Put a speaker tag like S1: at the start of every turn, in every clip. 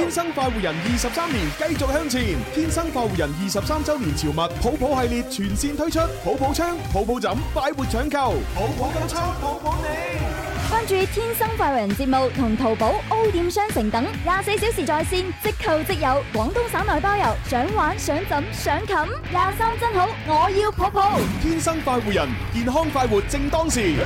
S1: 天生快活人二十三年，繼續向前。天生快活人二十三周年潮物，泡泡系列全線推出，泡泡槍、泡泡枕，快活搶購，泡
S2: 泡更抽，泡泡你。關注天生快活人節目同淘寶歐店商城等，廿四小時在線，即購即有，廣東省內包郵。想玩想枕想琴。廿三真好，我要泡泡。普普
S1: 天生快活人，健康快活正當時。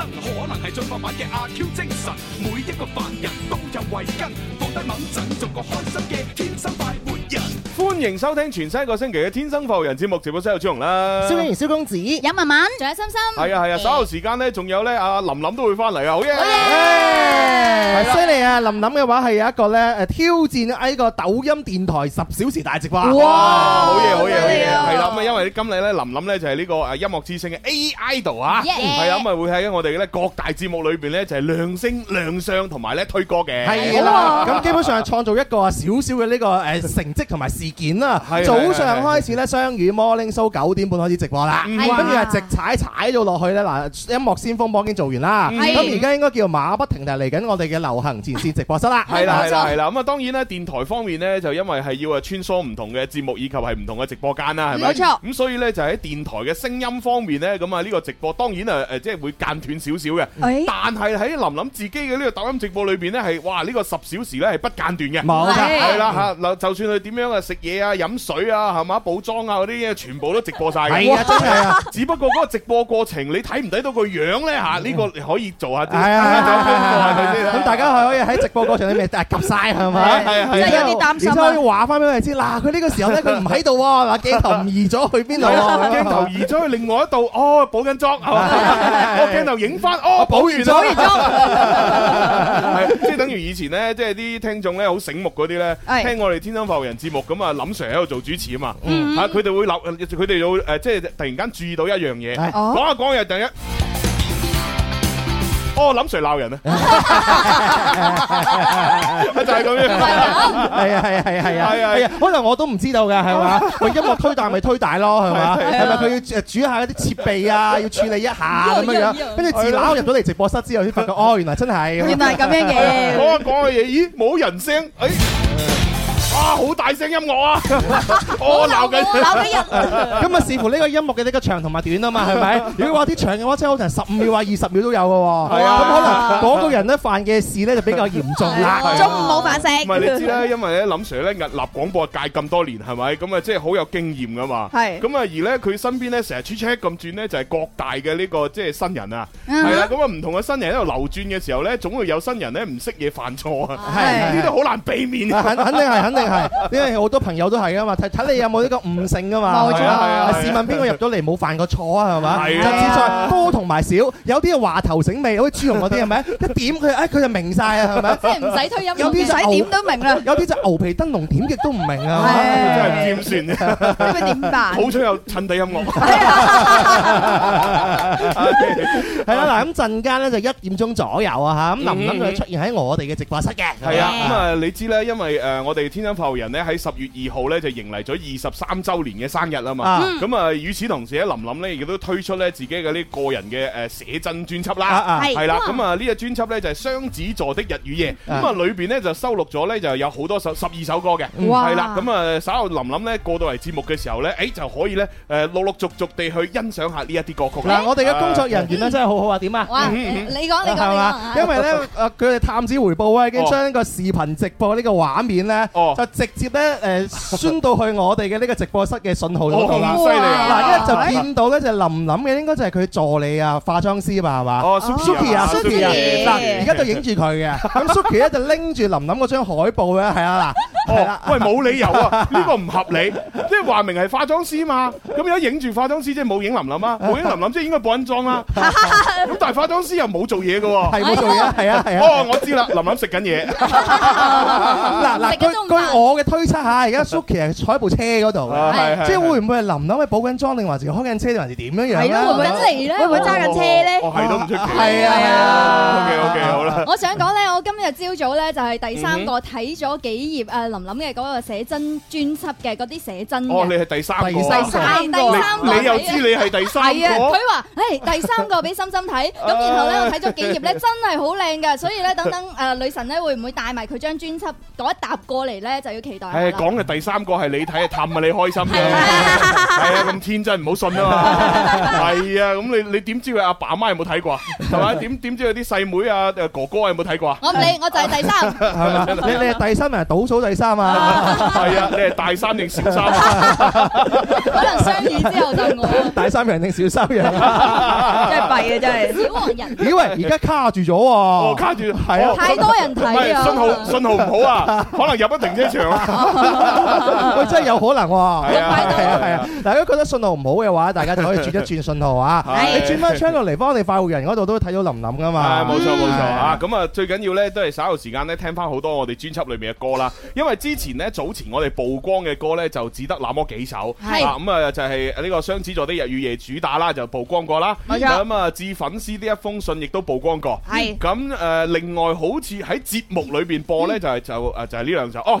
S1: 可能係進化版嘅阿 Q 精神，每一個凡人都有慧根，放低妄念，做個開心嘅天生快活人。歡迎收聽全新一個星期嘅《天生快活人》節目，直播室有朱紅啦，蕭穎、
S3: 蕭公子、有文文，仲有心心，係啊係啊！稍後
S1: 時間咧，仲有咧啊林林都會
S3: 翻嚟啊！好嘢，好嘢，係啦！犀利啊！林林嘅話係有一個咧誒挑戰喺個抖音電台十小時大直播，哇！好嘢好嘢好嘢！係啦，咁
S1: 啊因為呢今禮咧林林咧就係呢個誒音樂之星嘅 A Idol 啊，係啦咁啊會喺我哋咧各大節目裏邊咧就係亮聲亮相同埋咧推歌嘅，係啦咁
S3: 基本上係創造一個少少嘅呢個誒成績同埋事件。早上開始咧，雙語 morning show 九點半開始直播啦，跟住係直踩踩咗落去咧。嗱，音樂先鋒榜已經做完啦，咁而家應該叫馬不停蹄嚟緊我哋嘅流行前線直播室啦。係啦，係啦，係啦。
S1: 咁啊，當然咧，電台方面呢，就因為係要啊穿梭唔同嘅節目以及係唔同嘅直播間啦，係咪？冇錯。咁、嗯、所以呢，就喺電台嘅聲音方面呢，咁啊呢個直播當然啊、呃、即係會間斷少少嘅。但係喺林林自己嘅呢個抖音直播裏邊呢，係哇呢、呢個十小時呢係不間斷嘅。冇錯的。係啦嚇的、啊，就算佢點樣啊食嘢。啊！飲水啊，係嘛，補妝啊，嗰啲嘢全部都直播曬。係啊，真係啊！只不過嗰個直播過程，你睇唔睇到個樣咧嚇？呢個你可以做
S3: 下。係啊係啊係啊！咁大家可以喺直播過程裏面夾曬係咪？係啊係啊。即係有啲擔心。然之後要話翻俾我哋知，嗱佢呢個時候咧，佢唔喺度啊！嗱鏡頭移咗去邊度？鏡頭移
S1: 咗去另外一度。哦，補緊妝。
S3: 鏡
S1: 頭影翻。哦，補完咗。補完妝。即係等於以前咧，即係啲聽眾咧，好醒目嗰啲咧，聽我哋《天生快活人》節目咁啊諗。林 Sir 喺度做主持啊嘛，啊佢哋會鬧，佢哋會誒即係突然間注意到一樣嘢，講一講又突然，哦林 Sir 鬧人啊，
S4: 就係咁樣，係啊
S1: 係啊係啊
S3: 係啊係啊，可能我都唔知道嘅係嘛。喂，音樂推大咪推大咯係嘛？係咪佢要誒煮下一啲設備啊，要處理一下咁樣，跟住自鬧入咗嚟直播室之後先發覺，哦原來真係，原來係咁樣嘅，講一講下嘢，咦冇人聲誒。
S1: 哇！好大聲音樂啊！我鬧緊鬧緊音樂，咁
S3: 啊視乎呢個音樂嘅呢個長同埋短啊嘛，係咪？如果話啲長嘅話，真係可能十五秒或二十秒都有嘅喎。啊，咁可能嗰個人咧犯嘅事咧就比較嚴重啦。中午冇反省，唔係你知啦，因
S1: 為咧林 Sir 咧屹立廣播界咁多年，係咪？咁啊即係好有經驗嘅嘛。係。咁啊而咧佢身邊咧成日 turn turn 咁轉咧，就係各大嘅呢個即係新人啊。係啦。咁啊唔同嘅新人喺度流轉嘅時候咧，總會有新人咧唔識嘢犯錯啊。係。呢啲都好難避免。肯肯定係肯定。係，因
S3: 為好多朋友都係噶嘛，睇睇你有冇呢個悟性噶嘛，係啊，試問邊個入咗嚟冇犯過錯啊？係咪？有次多同埋少，有啲話頭醒味，好似朱紅嗰啲係咪？一點佢，哎佢就明晒啊，係咪？即係唔使推音，有啲唔使點都明啦。有啲就牛皮燈籠點極都唔明啊，點算啊？點辦？好彩有
S1: 襯底音樂。係啊，
S3: 係啦，嗱咁陣間咧就一點鐘左右啊嚇，咁林琳佢出現喺我哋嘅直播室嘅。係啊，咁
S1: 啊你知咧，因為誒我哋天生。頭人咧喺十月二號咧，就迎嚟咗二十三周年嘅生日啦嘛，咁啊與此同時咧，林琳咧亦都推出咧自己嘅呢個人嘅誒寫真專輯啦，係啦，咁啊呢個專輯咧就係雙子座的日與夜，咁啊裏邊咧就收錄咗咧就有好多首十二首歌嘅，係啦，咁啊稍後林琳咧過到嚟節目嘅時候咧，誒就可以咧誒陸陸續續地去欣賞下呢一啲歌曲。嗱，我哋嘅工作人員咧真
S3: 係好好啊，點啊？哇，你講你講，因為咧誒佢哋探子回報啊，已經將個視頻直播呢個畫面咧。直接咧誒，宣到去我哋嘅呢個直播室嘅信號度啦。哇！嗱，一就見到咧就林林嘅，應該就係佢助理啊，化妝師嘛，係嘛？哦，Suki 啊，Suki 啊，嗱，而家就影住佢嘅。咁 Suki 咧就拎住林林嗰張海報咧，係啊，嗱，係啦。喂，冇理由啊，呢個唔合理。即係話明係化妝師嘛，咁而家影
S1: 住化妝師，即係冇影林林啊，冇影林林，即係應該播緊裝啦。咁但係化妝師又冇做嘢㗎喎，係冇做嘢，係啊，係啊。哦，我知啦，林林食緊嘢。
S4: 嗱嗱，
S3: 佢佢。我嘅推測下，而家 Suki 係坐喺部車嗰度，即係會唔會係琳琳嘅補緊妝，定還是開緊車，定還是點樣樣咧？係咯，換緊嚟咧，會唔會揸緊車咧？我係都唔出奇。係啊，OK OK，好啦。
S2: 我想講咧，我今日朝早咧就係第三個睇咗幾頁誒琳琳嘅嗰個寫真專輯嘅嗰啲寫真。哦，你係第
S1: 三個，第三個。你你又知你係第三個？係啊，佢
S2: 話誒第三個俾心心睇，咁然後咧我睇咗幾頁咧，真係好靚㗎，所以咧等等誒女神咧會唔會帶埋佢張專輯嗰一沓過嚟咧？就要期待。誒，
S1: 講嘅第三個係你睇啊，氹啊你開心嘅，係啊咁天真，唔好信啊嘛。係啊，咁你你點知佢阿爸阿媽有冇睇過啊？係嘛？點點知佢啲細妹啊哥哥有冇睇過啊？我唔
S2: 理，我就
S1: 係第三，你你
S3: 係第三人，倒數第三啊？係啊，你係
S1: 大三定小三可能相遇之
S3: 後就我。大三人定小三人？真係弊啊！真係。小黃人。咦喂，而家卡住咗哦，卡住係啊。太多人睇啊。信號信號唔好啊，可能入一停啫。喂，真係有可能喎。哦，係啊，係啊，啊啊啊，大家覺得信號唔好嘅話，大家就可以轉一轉信號啊。你轉翻 channel 嚟，幫我哋快活人嗰度都睇到琳琳噶嘛。冇錯冇錯啊！
S1: 咁、嗯、啊，最緊要咧都係稍後時間咧，聽翻好多我哋專輯裏面嘅歌啦。因為之前咧，早前我哋曝光嘅歌咧，就只得那麼幾首。係咁啊、嗯、就係、是、呢個雙子座的日與夜主打啦，就曝光過啦。冇咁啊，至粉絲呢一封信，亦都曝光過。係。咁誒、呃、另外好似喺節目裏邊播咧，就係、是、就誒就係、是、呢兩首哦。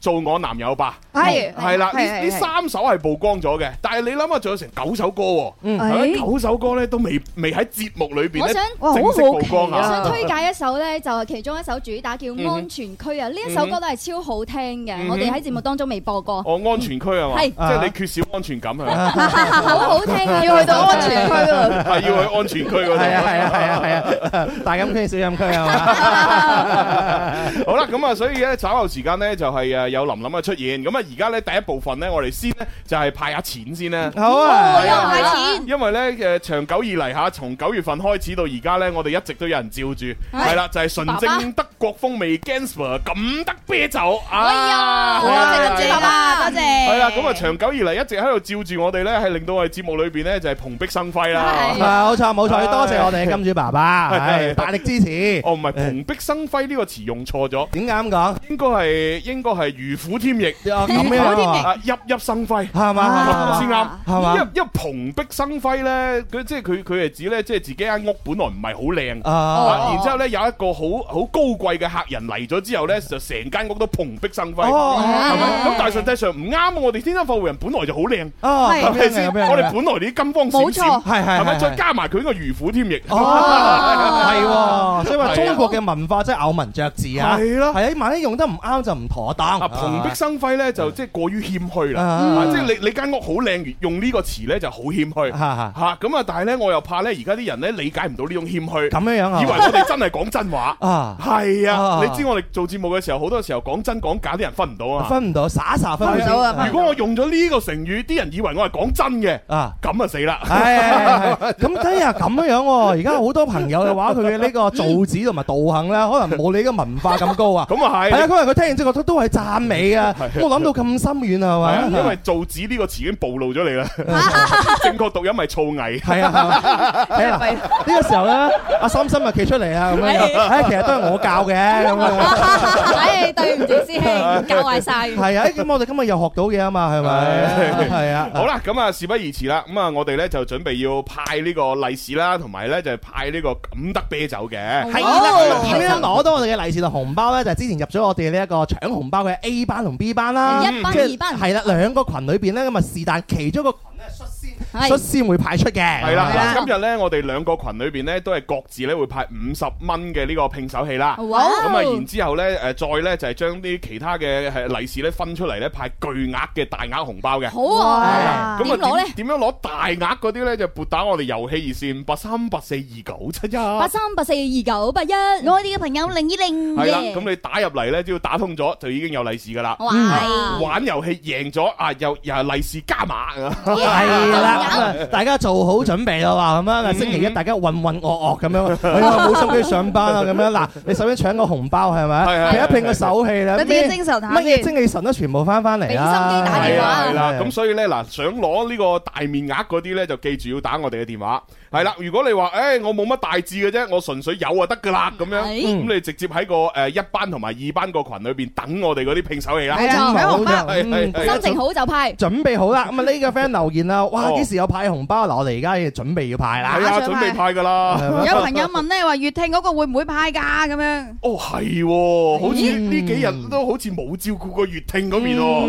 S1: 做我男友吧，係係啦，呢呢三首係曝光咗嘅，但係你諗下，仲有成九首歌，九首歌咧都未未喺節目裏邊，我想曝光我想推介一
S2: 首咧，就係其中一首主打叫《安全區》啊，呢一首歌都係超好聽嘅，我哋喺節目當中未播過。
S1: 哦，《安全區》啊嘛，即係你缺少安全感啊，好好聽，要去到安全區啊，係要去安全區嗰啲啊，係啊，係啊，係啊，
S3: 大禁區小禁區啊，
S1: 好啦，咁啊，所以咧，稍後時間咧就係誒。有琳琳嘅出現，咁啊而家咧第一部分咧，我哋先咧就係派下錢先啦。好啊，派錢，因為咧誒長久以嚟嚇，從九月份開始到而家咧，我哋一直都有人照住，係啦，就係純正德國風味 Gansper 咁得啤酒。哎呀，我哋金主爸爸，多謝。係啊，咁啊長久以嚟一直喺度照住我哋咧，係令到我哋節目裏邊咧就係蓬蓽生輝啦。係啊，冇錯冇錯，多謝我哋金主爸爸，係大力支持。哦，唔係蓬蓽生輝呢個詞用錯咗。點解咁講？應該係應該係。如虎添翼，熠熠生輝，係嘛先啱，係嘛？因因蓬蓽生輝咧，佢即係佢佢係指咧，即係自己間屋本來唔係好靚，然之後咧有一個好好高貴嘅客人嚟咗之後咧，就成間屋都蓬蓽生輝，係咪？咁但係實際上唔啱，我哋天生富貴人本來就好靚，我哋本來啲金光閃閃，係咪？再加
S3: 埋佢呢個如虎添翼，係，所以話中國嘅文化真係咬文嚼字啊，係咯，係啊，萬一用得唔啱就唔妥當。蓬蓽生輝咧，就即係過於謙虛啦。即係你
S1: 你間屋好靚，用呢個詞咧就好謙虛嚇。咁啊，但係咧，我又怕咧，而家啲人咧理解唔到呢種謙虛。咁樣樣，以為我哋真係講真話
S3: 啊。係啊，你知
S1: 我哋做節目嘅時候，好多時候講真講假啲人
S3: 分唔到啊。分唔到，傻傻分唔清。如
S1: 果我用咗呢個成語，啲人以為我係講真嘅啊，咁啊死啦。係啊，
S3: 咁睇下咁樣樣。而家好多朋友嘅話，佢嘅呢個造字同埋道行啦，可能冇你嘅文化咁高啊。咁啊係。係啊，因為佢聽完之後都都係咋。尾啊！我諗到咁深遠啊，係咪？因為
S1: 造字呢個詞已經暴露咗你啦。
S3: 正確讀音係燥藝，係啊。呢個時候咧，阿心心啊企出嚟啊咁樣。哎，其實都係我教嘅咁樣。哎，對唔住師兄，教壞晒。係啊，咁我哋今日又學到嘢啊嘛，係咪？係啊。好
S1: 啦，咁啊，事不宜遲啦。咁啊，我哋咧就準備要派呢個利是啦，同埋咧就派呢個錦得啤酒嘅。
S3: 係，點樣攞到我哋嘅利是同紅包咧，就之前入咗我哋呢一個搶紅包嘅。A 班同 B 班啦，嗯、即係係啦，兩、嗯、個群裏邊咧咁啊，是但其中一個。率先會派出嘅，係啦。今
S1: 日咧，我哋兩個群裏邊咧，都係各自咧會派五十蚊嘅呢個拼手氣啦。咁啊，然之後咧，誒，再咧就係將啲其他嘅係利是咧分出嚟咧，派巨額嘅大額紅包嘅。好啊，咁啊，攞咧，點樣攞大額嗰啲咧？就撥打我哋遊戲熱線八三八四二九七一。八三
S2: 八四二九八一，我哋嘅朋友零二零嘅。係啦，咁
S1: 你打入嚟咧，只要打通咗就已經有利是噶啦。玩遊戲贏咗啊，又又係利是加碼。係啦。
S3: 大家做好準備啦，咁啊，星期一大家混混噩噩咁樣，冇心機上班啊，咁樣嗱，你首先搶個紅包係咪？係啊，拼一拼個手氣啦，乜嘢精氣神都全部翻翻嚟啊！俾心機打電話。係啦，係啦，咁所以咧嗱，想攞呢個大面
S1: 額嗰啲咧，就記住要打我哋嘅電話。係啦，如果你話誒我冇乜大志嘅啫，我純粹有就得噶啦咁樣，咁你直接喺個誒一班同埋二班個群裏邊等我哋嗰啲拼手氣啦，係啊，派紅包，嗯，心情
S3: 好就派，準備好啦，咁啊呢個 friend 留言啦，哇，幾時有派紅包啦？我哋而家要準備要派啦，係啊，準備派噶啦。有朋
S2: 友問咧，話月聽嗰個會唔會派噶？咁樣
S3: 哦係，好似呢幾日都好似冇照
S1: 顧過月聽嗰邊哦。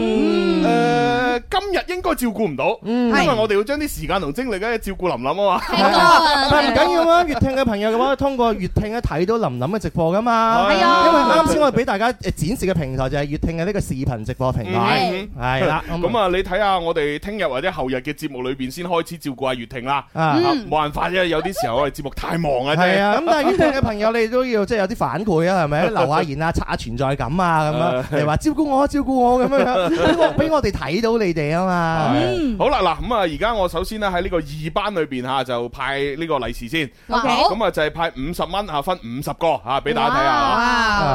S1: 誒，今日應該照顧唔到，因為我哋要將啲時間同精力咧照顧琳琳啊嘛。 但係唔緊
S3: 要啊！月聽嘅朋友嘅話，通過月聽咧睇到琳琳嘅直播噶嘛。係啊， 因為啱先我哋俾大家誒展示嘅平台就係月聽嘅呢個視頻直播平台。係啦，
S1: 咁啊，你睇下我哋聽日或者後日嘅節目裏邊先開始照顧下月聽啦。啊，冇辦法啫，有啲時候我哋節目太忙啊。係啊，咁但係月聽嘅
S3: 朋友，你都要即係、就是、有啲反饋啊，係咪？留下言啊，刷下存在感啊，咁樣譬如話照顧我，照顧我咁樣樣，俾我俾我哋睇到你哋啊嘛。嗯、 好啦，嗱
S1: 咁啊，而家我首先咧喺呢個二班裏邊嚇就。派呢個利是先，咁啊就係派五十蚊啊，分五十個啊，俾大家睇下。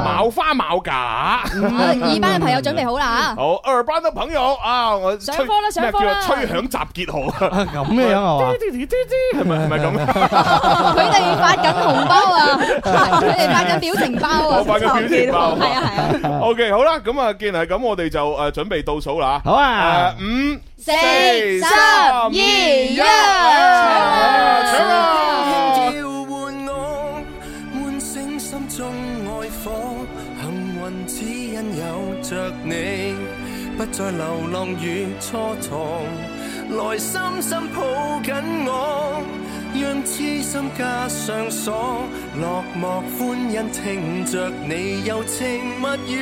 S1: 哇！冇花冇假，我哋二班嘅朋友準備好啦吓。好，二班嘅朋友啊，我上課啦，上課啦，吹響集結號。咁咩樣啊？係咪係咪咁？佢哋發緊紅包啊！佢哋發緊表情包啊！我發緊表情包，係啊係啊。OK，好啦，咁啊既然係咁，我哋就誒準備倒數啦。好啊，五。
S4: 四三二一，1，唱啊！輕輕叫
S3: 喚我，喚醒心中愛火。幸運只因有着你，不再流浪與蹉跎。來深深抱緊我，讓癡心加上鎖。落寞歡欣聽着你柔情蜜語，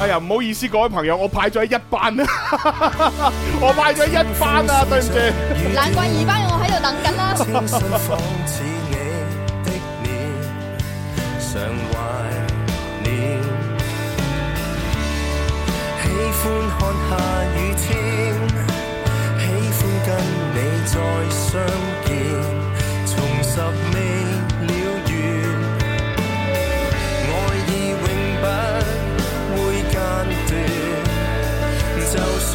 S1: 哎呀，唔好意思，各位朋友，我派咗一班啊， 我派咗
S3: 一班啊，對唔住，難怪二班
S2: 我喺度
S3: 等緊啦，啊。你 你的臉懷念。喜歡看下雨天，喜歡跟你再相見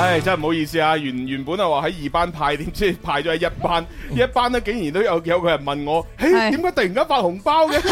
S1: 唉，真係唔好意思啊！原原本啊話喺二班派點知派咗喺一班，一班咧竟然都有有個人問我，誒，點解突然間發紅包嘅？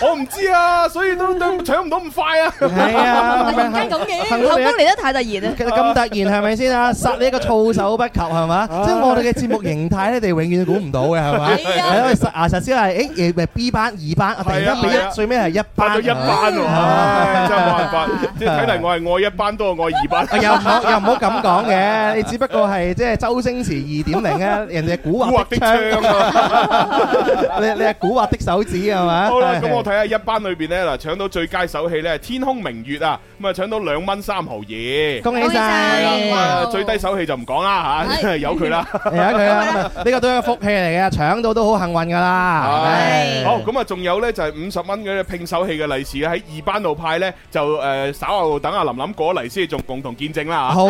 S1: 我唔知啊，所以都都搶唔到咁快啊！係啊，
S2: 點解咁嘅？咁嚟得太突然啊！其實咁突
S3: 然係咪先啊？殺你個措手不及係嘛？即係我哋嘅節目形態咧，你永遠估唔到嘅係嘛？係啊！啊，首先係誒，誒 B 班、二班啊，突然間俾一最尾係一班，發咗一班喎！真係冇辦法，即係睇嚟
S1: 我係愛一班多過愛二班。又唔好，又唔好。咁講嘅，
S3: 你只不過係即係周星馳二點零啊！人哋古惑的槍啊，你你係古惑的手指係嘛？好啦，咁我睇
S1: 下一班裏邊咧，嗱，搶到最佳手氣咧，天空明月啊，咁啊搶到兩蚊三毫二，恭喜曬！最低手氣就唔講啦嚇，真係有佢啦，
S3: 有佢啦，呢個都係福氣嚟嘅，搶到都好幸運噶啦。係
S1: 好咁啊，仲有咧就係五十蚊嘅拼手氣嘅利是喺二班度派咧，就誒稍後等阿林琳過嚟先，仲共同見證啦嚇。好。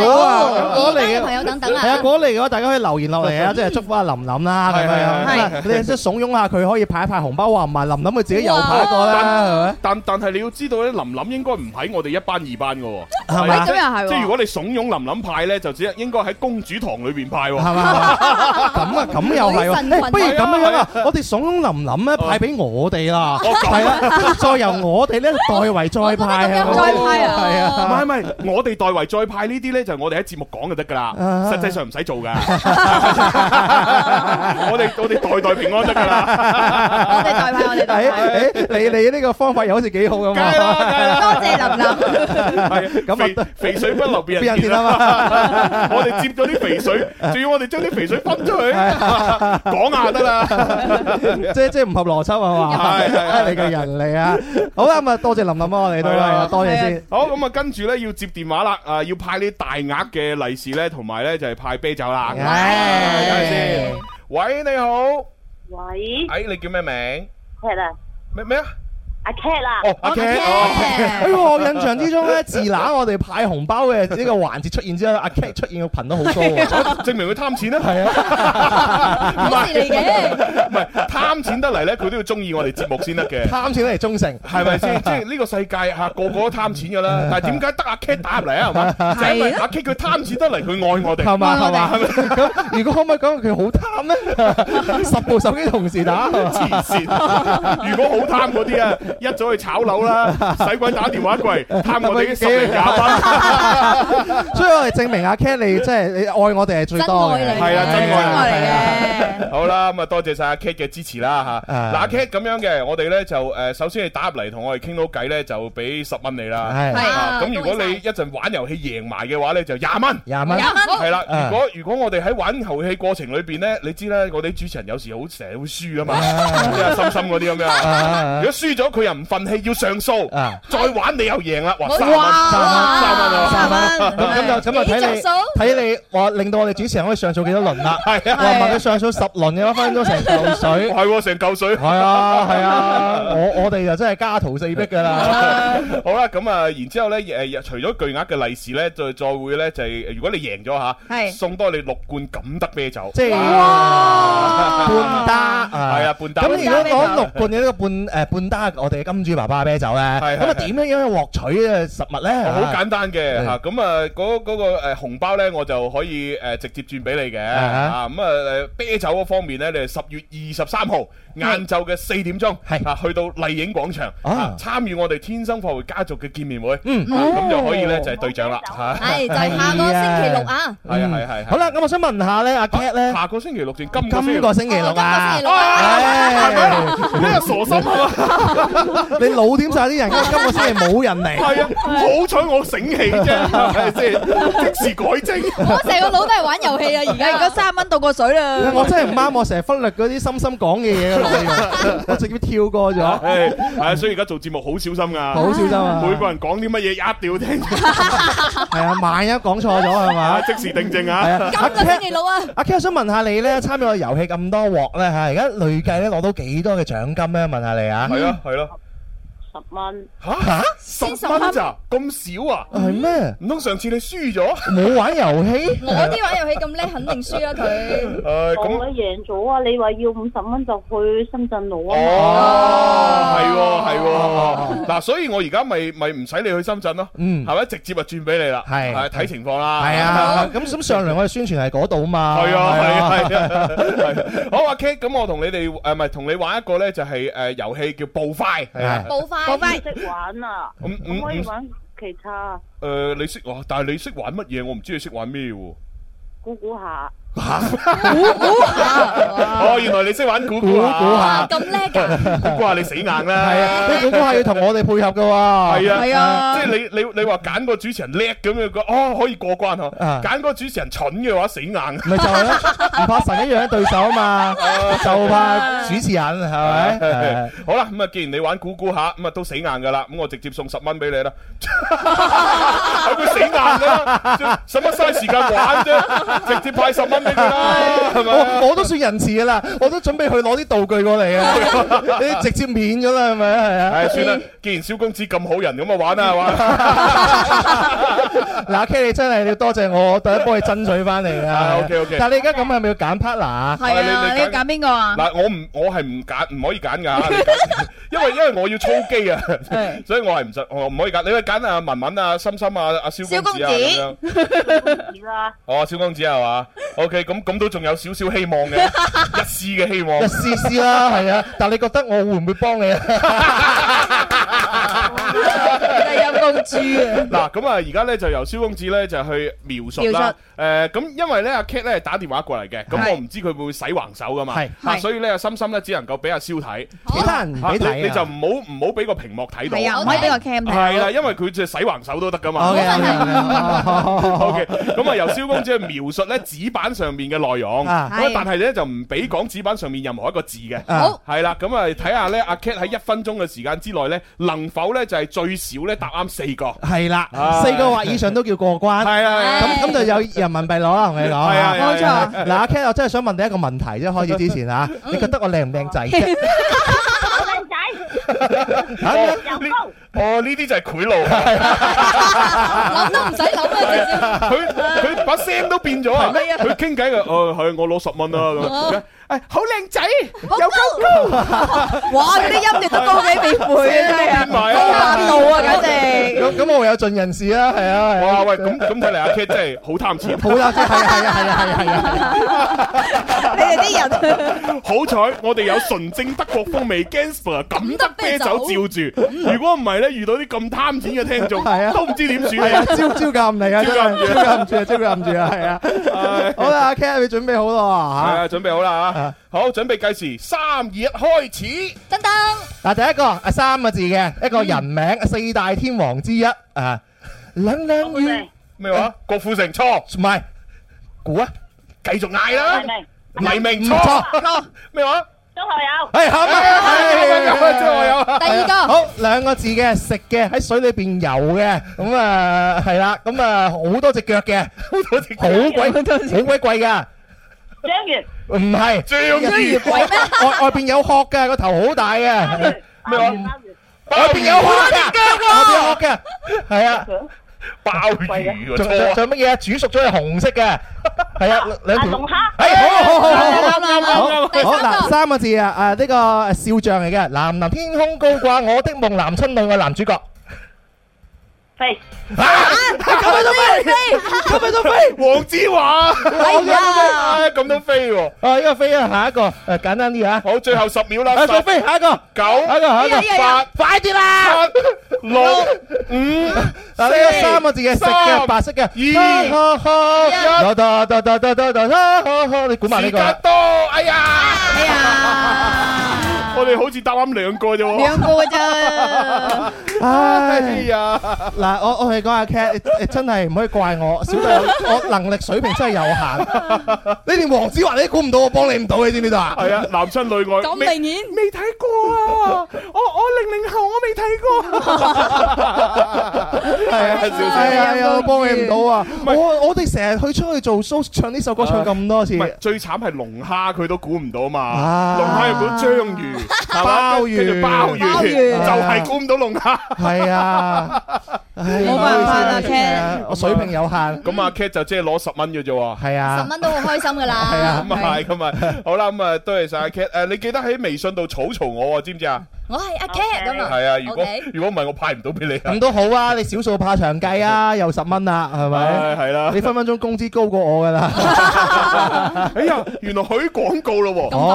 S1: 果嚟嘅朋
S3: 友，等等啊！係啊，果嚟嘅話，大家可以留言落嚟啊，即係祝福下琳琳啦，係咪啊？你即係慫恿下佢可以派一派紅包，話唔埋琳琳佢自己又派過啦，
S1: 係咪？但但係你要知道咧，琳琳應該唔喺我哋一班二班嘅，係咪，即係如果你慫恿琳琳派咧，就只應該喺公主堂裏邊派，係嘛？
S3: 咁啊，咁又係，不如咁樣啊？我哋慫恿琳琳咧派俾我哋啦，係啦，再由我哋咧代為再派，再派啊！係啊，
S1: 唔係唔係，我哋代為再派呢啲咧，就係我哋。喺節目講就得噶啦，實際上唔使做噶。我哋我哋代代平安得噶啦。我
S3: 哋代派，我哋代派。你你呢個方法又好似幾好噶嘛？多謝林琳。係咁啊，肥水不流別人田啊嘛。我哋接咗啲肥水，仲要我哋將啲肥水分出去，講下得啦。即係即係唔合邏輯啊嘛。係你嘅人嚟啊。好啦，咁啊多謝林琳啊，我哋隊啦，多謝先。
S1: 好咁啊，跟住咧要接電話啦。啊，要派啲大額。嘅利是咧，同埋咧就係派啤酒啦。等下先。喂，你好。喂。哎，你叫咩名？Peter。咩咩啊？阿 Cat 啦，哦阿 Cat，
S3: 哎我印象之中咧，自攋我哋派紅包嘅呢個環節出現之後，阿 Cat 出現嘅頻都好高。
S1: 證明佢貪錢啦，係
S3: 啊，唔係
S1: 貪錢得嚟咧，佢都要中意我哋節目先得嘅，貪錢得嚟忠誠，係咪先？即係呢個世界吓個個都貪錢噶啦，但係點解得阿 Cat 打入嚟啊？係嘛，阿 Cat 佢貪錢得嚟，佢愛我哋，係嘛係嘛？
S3: 咁如果可唔可以講佢好貪咧？十部手機同時打，黐線！如果好貪嗰啲啊？一早去炒樓啦，使鬼打電話過
S1: 嚟， 探我哋啲假翻。
S3: 所以我哋證明阿 Cat，你即係你愛我哋係最多，係啊，真愛嚟嘅。
S1: 好啦，咁啊多謝晒阿 Cat 嘅支持啦吓。嗱，Cat 咁樣嘅，我哋咧就誒，首先係打入嚟同我哋傾到偈咧，就俾十蚊你啦。係，咁如果你一陣玩遊戲贏埋嘅話咧，就廿蚊。廿蚊，廿蚊。係啦，如果如果我哋喺玩遊戲過程裏邊咧，你知咧，我哋主持人有時好成日會輸啊嘛，心心嗰啲咁樣。如果輸咗，佢又唔忿氣，要上訴，再玩你又贏啦。哇，三蚊，三蚊，三蚊，三蚊。咁就咁就睇你睇
S3: 你，我令到我哋主持人可以上訴幾多輪啦。係，話埋上訴。到十輪嘅話，分咗成嚿水，係成嚿水，係啊係啊，我我哋就真係家徒四壁噶啦。
S1: 好啦，咁啊，然之後咧，誒，除咗巨額嘅利是咧，就再會咧，就係如果你贏咗吓，係送多你六罐錦德啤酒，即係半打，係啊半打。咁如果攞六罐
S3: 嘅呢個半誒半打，我哋金主爸爸啤酒咧，咁啊點樣樣獲取嘅實物咧？好簡
S1: 單嘅吓，咁啊嗰嗰個誒紅包咧，我就可以誒直接轉俾你嘅啊，咁啊啤酒方面咧，你係十月二十三號。晏晝嘅四點鐘，係啊，去到麗影廣場，參與我哋天生快活家族嘅見面會，咁就可以咧就係兌獎啦，係就係下個星期六啊，係啊係係，好啦，咁我想
S3: 問下咧，阿 cat 咧，下個星期六定今今個星期六啊？今個星期六，咩傻心係嘛？你老點晒啲人嘅，因為今個星期冇人嚟，係啊，好彩我醒起啫，係咪先？即時改正，我成
S2: 個腦都係玩遊戲啊，而家而家三蚊渡過水啦，我真係
S3: 唔啱，我成日忽略嗰啲心心講嘅嘢。我直接跳過咗，係，所以而家做節目好小心㗎，好小心啊！每個人講啲乜嘢
S1: 一定要聽，
S3: 係啊，萬一講錯咗係嘛，
S1: 即時訂正啊！今個星
S3: 期六啊，阿 K 想問下你咧，參與遊戲咁多鑊咧，係而家累計咧攞到幾多嘅獎金咧？問下你啊，係咯，係咯。十蚊吓吓，三十蚊咋
S1: 咁少啊？係咩？唔通上次你輸咗？冇玩遊戲，我啲玩遊戲咁叻，
S2: 肯定輸啦。誒，咁我贏咗啊！你話要五十蚊就去深圳路
S1: 啊？哦，係喎，係喎。嗱，所以我而家咪咪唔使你去深圳咯。嗯，係咪直接就轉俾你啦？係，睇情況啦。係啊，咁咁
S3: 上嚟我哋宣傳喺嗰度啊嘛。係啊，
S1: 係啊。好啊，K，咁我同你哋誒，咪同你玩一個咧，就係誒遊戲叫暴快。係啊，暴快。
S2: Bye bye. 我唔識玩啊，唔、嗯嗯、可以玩
S4: 其他。
S1: 誒、呃，你識玩、啊，但係你識玩乜嘢？我唔知你識玩咩喎。
S4: 估估下。估估下，哦，原來你識玩
S1: 估估下，咁叻嘅，估估下你死硬啦，係啊，你估估下要
S3: 同我哋配合嘅喎，係啊，係啊，即
S1: 係你你你話揀個主持人叻咁樣個，哦可以過關吓，揀個主持人蠢嘅話死硬，
S3: 咪就係咯，唔怕神一樣嘅對手啊嘛，就怕主持人係咪？
S1: 好啦，咁啊，既然你玩估估下，咁啊都死硬噶啦，咁我直接送十蚊俾你啦，係佢死硬啦，使乜嘥時間玩啫，直接派
S3: 十蚊。我我都算仁慈噶啦，我都準備去攞啲道具過嚟啊！你直接免咗啦，係咪啊？係啊！係啊！算啦，
S1: 既然蕭公子咁好人，咁咪玩啦，係嘛？
S3: 嗱，K，你真係要多謝我，第一幫佢爭取翻嚟啊！OK，OK。但係你而家咁係咪要揀 partner 啊？係啊，
S5: 你揀邊個啊？嗱，
S1: 我唔，我係唔揀，唔可以揀噶吓，因為因為我要操機啊，所以我係唔實，我唔可以揀。你去揀阿文文啊、心心啊、阿蕭公子啊咁樣。子啦。哦，蕭公子係嘛？O。咁咁都仲有少少希望嘅， 一絲嘅希望。一絲絲
S3: 啦，係啊，啊 但係你覺得我會唔會幫你啊？ 係蕭公子，嗱
S1: 咁啊，而家咧就由蕭公子咧就去描述啦。誒，咁因為咧阿 Kate 咧係打電話過嚟嘅，咁我唔知佢會唔會洗橫手噶嘛？係吓，所以咧阿心心咧只能夠俾阿蕭睇，
S3: 其他人唔俾睇，你就唔
S1: 好唔好俾個屏幕睇到。係啊，我可以俾個 cam 睇。係啦，因為佢就係洗橫手都得噶嘛。好嘅，咁啊由蕭公子去描述咧紙板上面嘅內容，咁但係咧就唔俾講紙板上面任何一個字嘅。好係啦，咁啊睇下咧阿 Kate 喺一分鐘嘅時間之內咧能否咧就係。最少咧答啱四個，係啦，四個或以上
S3: 都叫過關。係啦，咁咁就有人民幣攞啦，同你講。係啊，嗱，阿 k a t 我真係想問你一個問題啫，開始之前嚇，你覺得我靚唔靚仔？哦，呢啲就係賄賂，
S1: 諗都唔使諗啊！佢佢把聲都變咗啊！佢傾偈嘅，哦，係我攞十蚊啊！咁，誒，好靚仔，有高佬，
S4: 哇！嗰啲音調都高幾倍啊！唔
S3: 係，好難路啊！簡直咁咁，我有盡人事啦，係啊！哇喂，咁咁睇嚟阿 K 真係好貪錢，好有即係，係啊係啊係啊係啊！
S4: 你
S1: 哋啲人好彩，我哋有純正德國風味 Gansper 啊咁。五德啤酒照住，如果唔係咧，遇到啲咁貪錢嘅聽眾，都唔知點處理。朝朝
S3: 夾唔嚟啊！夾唔住，夾唔住啊！夾唔住啊！係啊，
S1: 好啦，
S3: 阿 Ken 你準備好啦，吓，
S1: 準備好啦吓，好，準備計時，三二一，開始。噔噔，
S3: 嗱，第一個啊，三個字嘅一個人名，四大天王之一啊，林林月。咩話？郭富城錯？唔係，估啊，繼續嗌啦。
S1: 黎明。黎明錯。咩話？中
S3: 學友，係，好啊，第二個，好兩個字嘅，食嘅，喺水裏邊游嘅。咁啊係啦，咁啊好多隻腳嘅，好多隻，好鬼多，好鬼貴噶，章魚，唔係章魚，外外邊有殼嘅，個頭好大嘅，咩
S4: 話？外邊有殼嘅，外邊殼
S3: 嘅，係啊。鮑魚，仲仲乜嘢啊？煮熟咗係紅色嘅，係啊，兩條龍蝦。 哎，好好好好好，啱啦啱啦。好，嗱 三個字 啊，誒、這、呢個誒，少將嚟嘅，藍藍天空高掛，我的夢，男親女愛嘅男主角。飛啊！咁樣都飛，咁樣都飛，黃子華係啊，咁都飛喎！啊，呢個飛啊，下一個，簡單啲啊！好，最後十秒啦，數飛，下一個九，下一個，下一個，八，快啲啦，
S1: 七，六，五，三，乜嘢？三，白色嘅，二，好好，多多
S3: 多多多多多多，好好，你估埋呢個？
S1: 多，哎呀，哎呀。我哋好似
S3: 答啱兩個啫，兩個嘅啫。哎呀，嗱，我我哋講下劇，真係唔可以怪我，小弟我能力水平真係有限。你連黃子華你都估唔到，我幫你唔到，你知唔知道啊？係啊，男親女愛，咁明顯未睇過
S1: 啊！我我零零後我未睇過，
S3: 係啊，少少啊，幫你唔到啊！我我哋成日去出去做 show，唱呢首歌唱
S1: 咁多次。唔係最慘係龍蝦，佢都估唔到嘛。龍蝦又估章魚。鮑 鮑魚，魚，鮑魚就係估唔到龍蝦，係啊。 冇辦法啊，cat！我水平有限，咁啊，cat 就即係攞十蚊嘅啫喎。係啊，十蚊都好
S2: 開心噶啦。係啊，咁啊
S1: 係，咁啊好啦，咁啊多謝晒阿 cat 誒，你記得喺微信度草草我，知唔知啊？我係阿
S3: cat 咁
S1: 啊。係啊，如果如果唔係，我派唔到俾你。咁都好啊，
S3: 你少數怕長計啊，又十蚊啊，係咪？係係啦，你分分鐘工資高過我噶啦。
S1: 哎呀，原
S3: 來許廣告咯喎。哦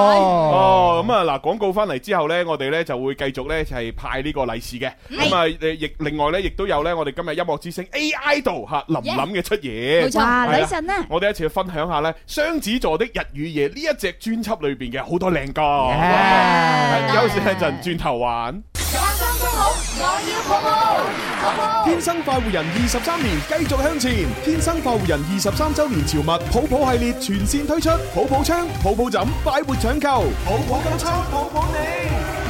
S3: 哦，咁啊嗱，廣告翻嚟之後咧，
S1: 我哋咧就會繼續咧就係派呢個利是嘅。咁啊誒，亦另外咧，亦都有咧。我哋今日音樂之聲 AI 度吓林 yeah, 琳嘅出現，冇錯，嗯、女神呢、啊，我哋一齊去分享下咧雙子座的日與夜呢一隻專輯裏邊嘅好多靚歌，休息 Yeah, Yeah, 一陣轉頭玩。天生快活人二十三年，繼續向前。天生快活人二十三周年潮物，抱抱系列全線推出，抱抱槍、抱抱枕，快活搶購。抱抱槍，
S3: 抱抱你。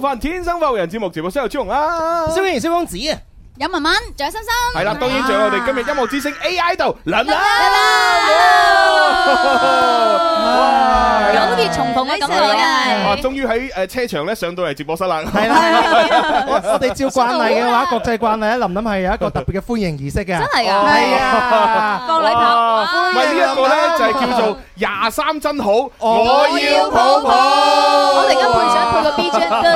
S1: 翻天生快活人節目直播室有朱紅啦，蕭炎蕭公子啊，
S2: 有文文，仲有森森，
S1: 係啦，當然仲有我哋今日音樂之聲 AI 度林琳，哇，好似重逢嘅感覺嘅，哇，終於喺誒車場咧上到嚟直播室啦，係啦，我我
S5: 哋照慣例嘅話，
S3: 國際慣例啊，林琳係有一個特別嘅歡迎儀式嘅，真係噶，係啊，國禮拍，呢一個就係叫做廿三真好，我
S1: 要抱抱，我哋今次想
S4: 配個 BGM。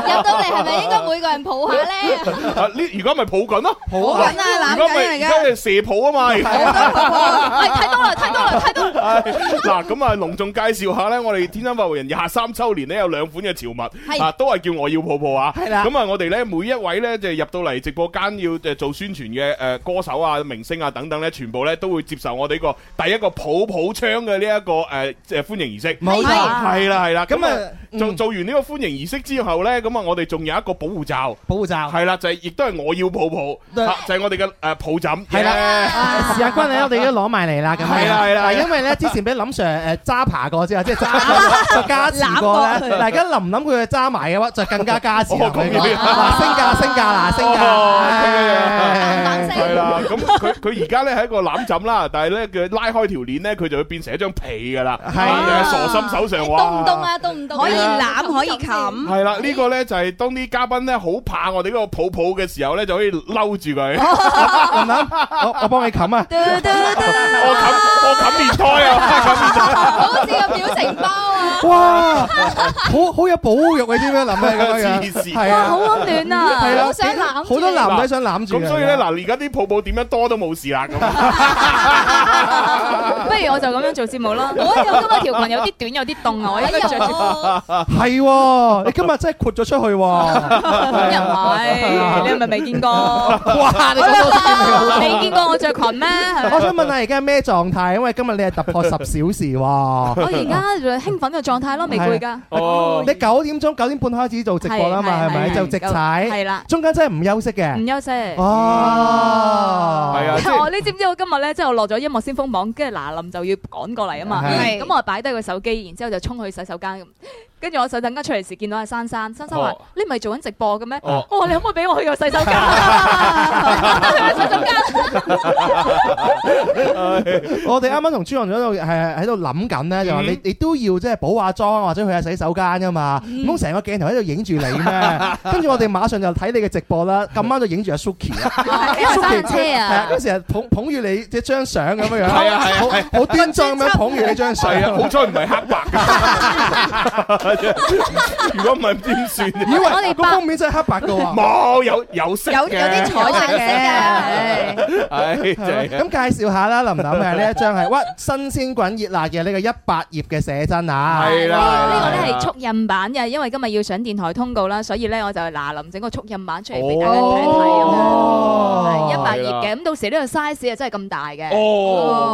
S2: 入到嚟係咪應該每個
S1: 人抱下咧？呢如果咪抱緊咯，抱緊啊男仔嚟嘅。而家係射抱啊嘛！太多啦，太多啦，太多啦！嗱咁啊，隆重介紹下咧，我哋天生快活人廿三週年呢有兩款嘅潮物，是啊都係叫我要抱抱的啊！咁啊，我哋咧每一位咧就入到嚟直播間要誒做宣傳嘅誒歌手啊、明星啊等等咧，全部咧都會接受我哋呢個第一個抱抱槍嘅呢一個誒誒、啊、歡迎儀式，冇錯，係啦係啦。咁啊，做、嗯嗯、做完呢個歡迎儀式之後咧。咁啊！我哋仲有一個保護罩，保護罩係啦，就係亦都係我要抱抱，就係我哋嘅誒抱枕
S3: 係啦。時日君，你我哋都攞埋嚟啦，係啦係啦。因為咧之前俾林 Sir 誒揸爬過之後，即係揸過加字過咧。嗱而家林琳佢揸埋嘅話，就更加加字啦，升價升價啦，升價係啦。
S1: 咁佢佢而家咧係一個攬枕啦，但係咧佢拉開條鏈咧，佢就會變成一張被㗎啦。係傻心手上話，凍唔凍啊？
S2: 凍唔凍？可以攬可以冚。係啦，呢個
S1: 咧。咧就係當啲嘉賓咧好怕我哋個抱抱嘅時候咧，就可以嬲住佢，唔
S3: 好，我幫你冚啊， 我冚，我冚面胎啊，冚面胎， 好似個表情包。哇，好好有保育你啲咩？諗係咁嘅，哇，好溫暖啊！係啦，好多男仔想攬住。咁所以咧，嗱，而家啲泡泡
S1: 點樣多都冇事啦。咁，
S5: 不如我就咁樣做節目啦。我有今日條裙有啲短有啲凍，我一樣着住。
S3: 係喎，你今日真係豁咗出去
S5: 喎，又唔係？你係咪未見過？哇！你未見過我着裙咩？我想問
S3: 下而家係咩狀態？因為今日你係突破十小時喎。我而
S5: 家仲興奮緊。狀態咯，未攰噶。你
S3: 九點鐘九點半開始做直播啊嘛，係咪？就直踩。係啦。中間真係唔休息嘅。唔
S5: 休息。哦，係啊。啊，你知唔知 我今日咧，即係我落咗音樂先鋒榜，跟住嗱臨就要趕過嚟啊嘛。咁是、嗯、我擺低個手機，然之後就衝去洗手間咁。 跟住我就陣間出嚟時見到阿珊珊，珊珊話：你唔係做緊直播嘅咩？我話你可唔可以俾我去個洗手間？洗手間。
S3: 我哋啱啱同朱紅喺度係喺度諗緊咧，就話你你都要即係補下妝或者去下洗手間㗎嘛，唔好成個鏡頭喺度影住你咩？跟住 我哋馬上就睇你嘅直播啦，咁啱就影住阿 Suki 啊，Suki 姐 啊，成日 捧捧住你一張相咁樣樣，好端莊咁樣捧住你張相，好彩唔係黑白㗎。 如果唔係點算？因為個封面真係黑白噶喎，冇有
S1: 有色，有有啲彩色嘅。咁
S3: 介紹下啦，林琳係呢一張係哇新鮮滾熱辣嘅呢個一百頁嘅寫真啊，係啦，呢個咧係速
S5: 印版嘅，因為今日要上電台通告啦，所以咧我就拿林整個速印版出嚟俾大家睇一睇啊，係一百頁嘅，咁到時呢個 size 啊真係咁大嘅，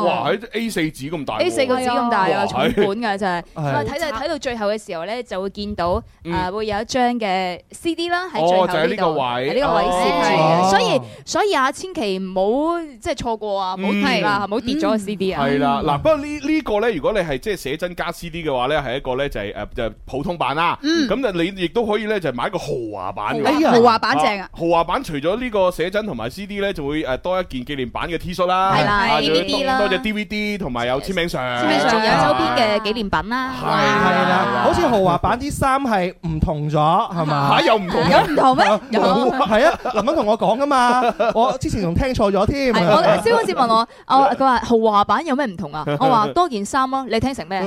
S5: 哇喺
S1: A 四紙咁大，A 四個
S5: 紙咁大啊，重本嘅真係，睇就睇到最後嘅時候。咧就會見到誒會有一張嘅 CD 啦，喺最後呢度喺呢個位，呢個位先，所以所以啊千祈唔好即係錯過啊，唔好跌啦，唔好跌咗個 CD 啊！係啦，嗱
S1: 不過呢呢個咧，如果你係即係寫真加 CD 嘅話咧，係一個咧就係誒就普通版啦。咁你亦都可以咧就係買一個豪華版，誒豪華版正啊！豪華版除咗呢個寫真同埋 CD 咧，就會誒多一件紀念版嘅 T 恤啦，係啦，D V D 啦，多隻 D V D 同埋有簽名上、相，仲有周邊
S5: 嘅紀念品啦，係啦，
S3: 好似。豪華版啲衫係唔同咗，係嘛？嚇又唔同，有唔同咩？有係啊！林琳同我講噶嘛，我之前仲聽錯咗添。我先開始問我，我佢話
S5: 豪華版有咩唔同啊？我話多件衫咯，你聽成
S3: 咩？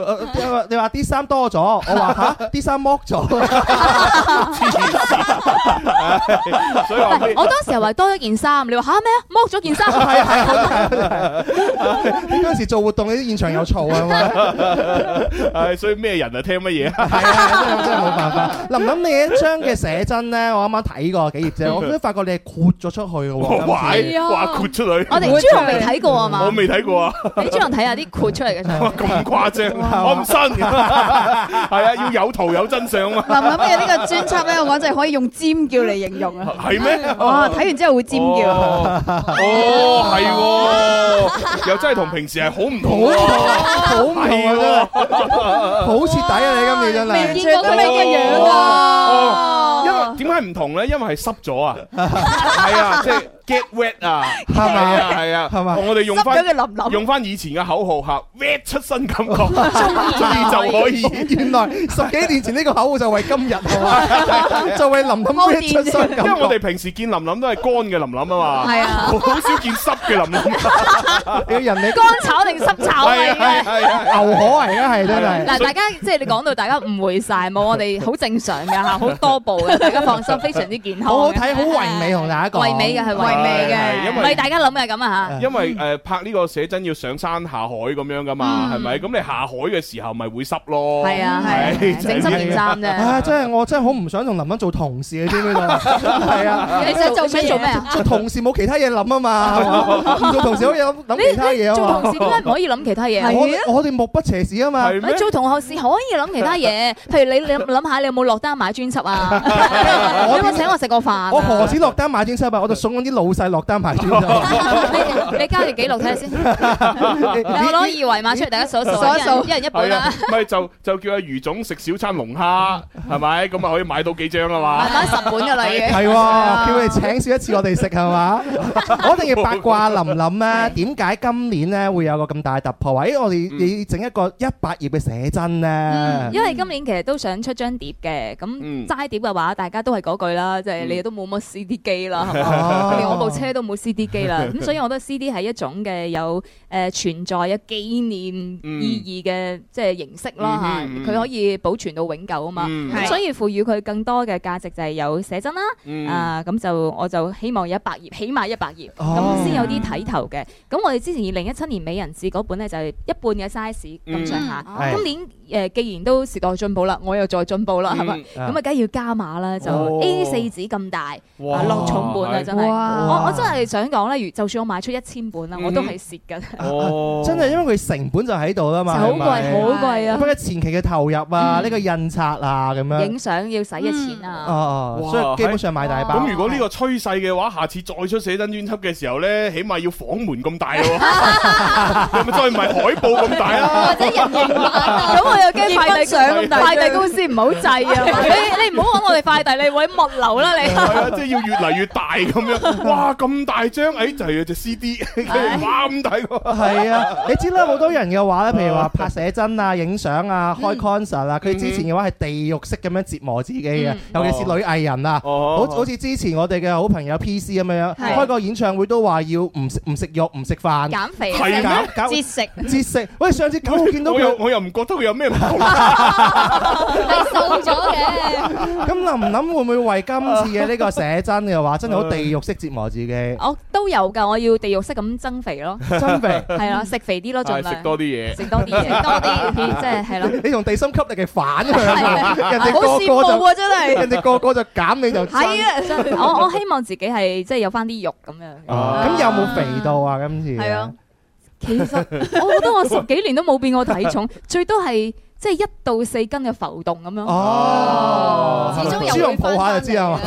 S3: 你話啲衫多咗，我話吓，啲衫剝咗，所以
S5: 我當時又話多咗件衫，你話吓咩啊？剝咗件衫？
S3: 係啊係啊，你嗰時做活動，你啲現場有嘈啊！
S1: 係所以咩人啊？聽乜嘢？係啊，真係冇
S3: 辦法。林琳，你一張嘅寫真咧，我啱啱睇過幾頁啫，我都發覺你係闊咗出去嘅，畫畫闊出
S1: 嚟。我
S5: 哋朱紅未睇過啊嘛？我未睇過啊！你朱紅睇下啲闊出嚟
S1: 嘅。咁誇張？我唔新。係啊，要有圖有真相啊嘛。林琳
S5: 嘅呢個專輯咧，我真係可以用尖叫嚟形容啊！係
S1: 咩？
S5: 睇完之後會尖叫。
S1: 哦，係，又真係同平時係好唔同，好唔同，好徹底啊！你今次未見過咁樣嘅樣咯，因為點解唔同咧？因為係濕咗啊，係 啊，即係。get wet 啊，係咪啊？係啊，係咪？我哋用翻用翻以前嘅口號吓，wet 出身感覺，所以就可以。原
S3: 來，十幾年前呢個口號就為今日，就為淋淋 wet 出新感覺。因為我
S1: 哋平時見淋淋都係乾嘅淋淋啊嘛，係啊，好
S3: 少見濕嘅淋淋。人哋乾炒定濕炒嚟嘅，牛河嚟啊，係真係。嗱，大
S5: 家即係你講到大家誤會晒，冇我哋好正常嘅吓，好多部，大家放心，非常之健康。好好睇，好唯
S3: 美，同大家講。唯美嘅係咩嘅？唔係大家諗嘅咁啊嚇。因
S1: 為誒拍呢個寫真要上山下海咁樣噶嘛，係咪？咁你下海嘅時候咪會濕咯。係啊，
S4: 係整濕件衫
S3: 啫。啊！真係我真係好唔想同林琳做同事嘅添啊。係啊，你想做咩做咩？做同事冇其他嘢諗啊嘛。做同事可以諗諗其他嘢啊。做同事點解唔可以諗其他嘢？我哋目不斜視啊嘛。唔係做
S5: 同學時可以諗其他嘢，譬如你你諗諗下，你有冇落單買專輯啊？
S3: 有冇請
S5: 我食個飯？我何止
S3: 落單買專輯啊！我仲送我啲路。冇曬落單排
S5: 隊，你交條記錄睇下先。我攞二維碼出嚟，大家數一數，一人一本
S1: 啦。唔係就就叫阿余總食小餐龍蝦，係咪咁啊？可以買到幾張啊嘛？攞十
S3: 本嘅嚟嘅。係，叫佢請少一次我哋食係嘛？我哋八卦林琳咧，點解今年咧會有個咁大嘅突破？誒，我哋你整一個一百頁嘅寫真咧。嗯，因為
S5: 今年其實都想出張碟嘅，咁齋碟嘅話，大家都係嗰句啦，即係你都冇乜 CD 機啦。部車都冇 C D 機啦，咁所以我覺得 C D 係一種嘅有誒存在有紀念意義嘅，即係形式啦吓，佢可以保存到永久啊嘛，所以賦予佢更多嘅價值就係有寫真啦，啊咁就我就希望有一百頁，起碼一百頁咁先有啲睇頭嘅。咁我哋之前二零一七年美人誌嗰本咧就係一半嘅 size 咁上下，今年誒既然都時代進步啦，我又再進步啦，係咪？咁啊梗係要加碼啦，就 A 四紙咁大，落重本啊，真係。我我真係想講咧，如就算我賣出一千本啦，我都係蝕㗎。
S3: 真係因為佢成本就喺度啦嘛。好貴，好貴啊！不過前期嘅投入啊，呢個印刷啊，咁樣影相要使嘅錢啊。啊，所以基本上賣大包。咁如果
S1: 呢個趨勢嘅話，下次再出寫真專輯嘅時候咧，起碼要房門咁大喎。咁啊，再唔係海報咁大啦。或者人咁大，咁我又驚快遞公司
S5: 唔好制啊！你你唔好講我哋快遞，你揾
S3: 物流啦你。即
S1: 係要越嚟越大咁樣。哇，咁大張偽製啊，隻 CD，咁大喎！係啊，
S3: 你知啦，好多人嘅話咧，譬如話拍寫真啊、影相啊、開 concert 啊，佢之前嘅話係地獄式咁樣折磨自己啊，尤其是女藝人啊，好好似之前我哋嘅好朋友 PC 咁樣，開個演唱會都話要唔唔食肉、唔食飯、減肥，係啊，節食節食。喂，上次九號見到佢，我又唔覺得佢有咩，你瘦咗嘅。咁林琳會唔會為今次嘅呢個寫真嘅話，真係好地獄式折磨？我自己，我
S5: 都有噶，我要地獄式咁增肥咯，增肥係啦，食、啊、肥啲咯，盡量食多
S3: 啲嘢，食多
S5: 啲嘢，多啲， 即係係
S3: 啦。你同地心吸力嘅反向，人哋個個，個個就減你，你就增。係啊， 我我希
S5: 望自己係即係有翻啲肉咁
S3: 樣。咁、ah. 有冇肥到啊？今次係啊， 其實我覺得我十
S5: 幾年都冇變過體重，最多係。即係一到四斤嘅浮動咁樣。哦，
S3: 始終有用抱下就知啊！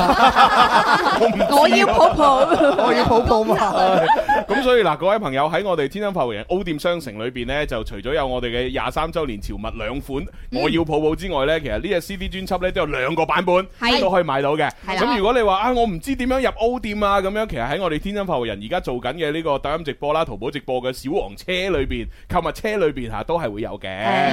S3: 我要抱抱，我要抱抱嘛。咁
S1: 所以嗱，各位朋友喺我哋天生快活人 O 店商城裏邊呢，就除咗有我哋嘅廿三週年潮物兩款我要抱抱之外呢，其實呢隻 CD 專輯呢都有兩個版本都可以買到嘅。咁如果你話啊，我唔知點樣入 O 店啊，咁樣其實喺我哋天生快活人而家做緊嘅呢個抖音直播啦、淘寶直播嘅小黃車裏邊、購物車裏邊嚇都係會有嘅。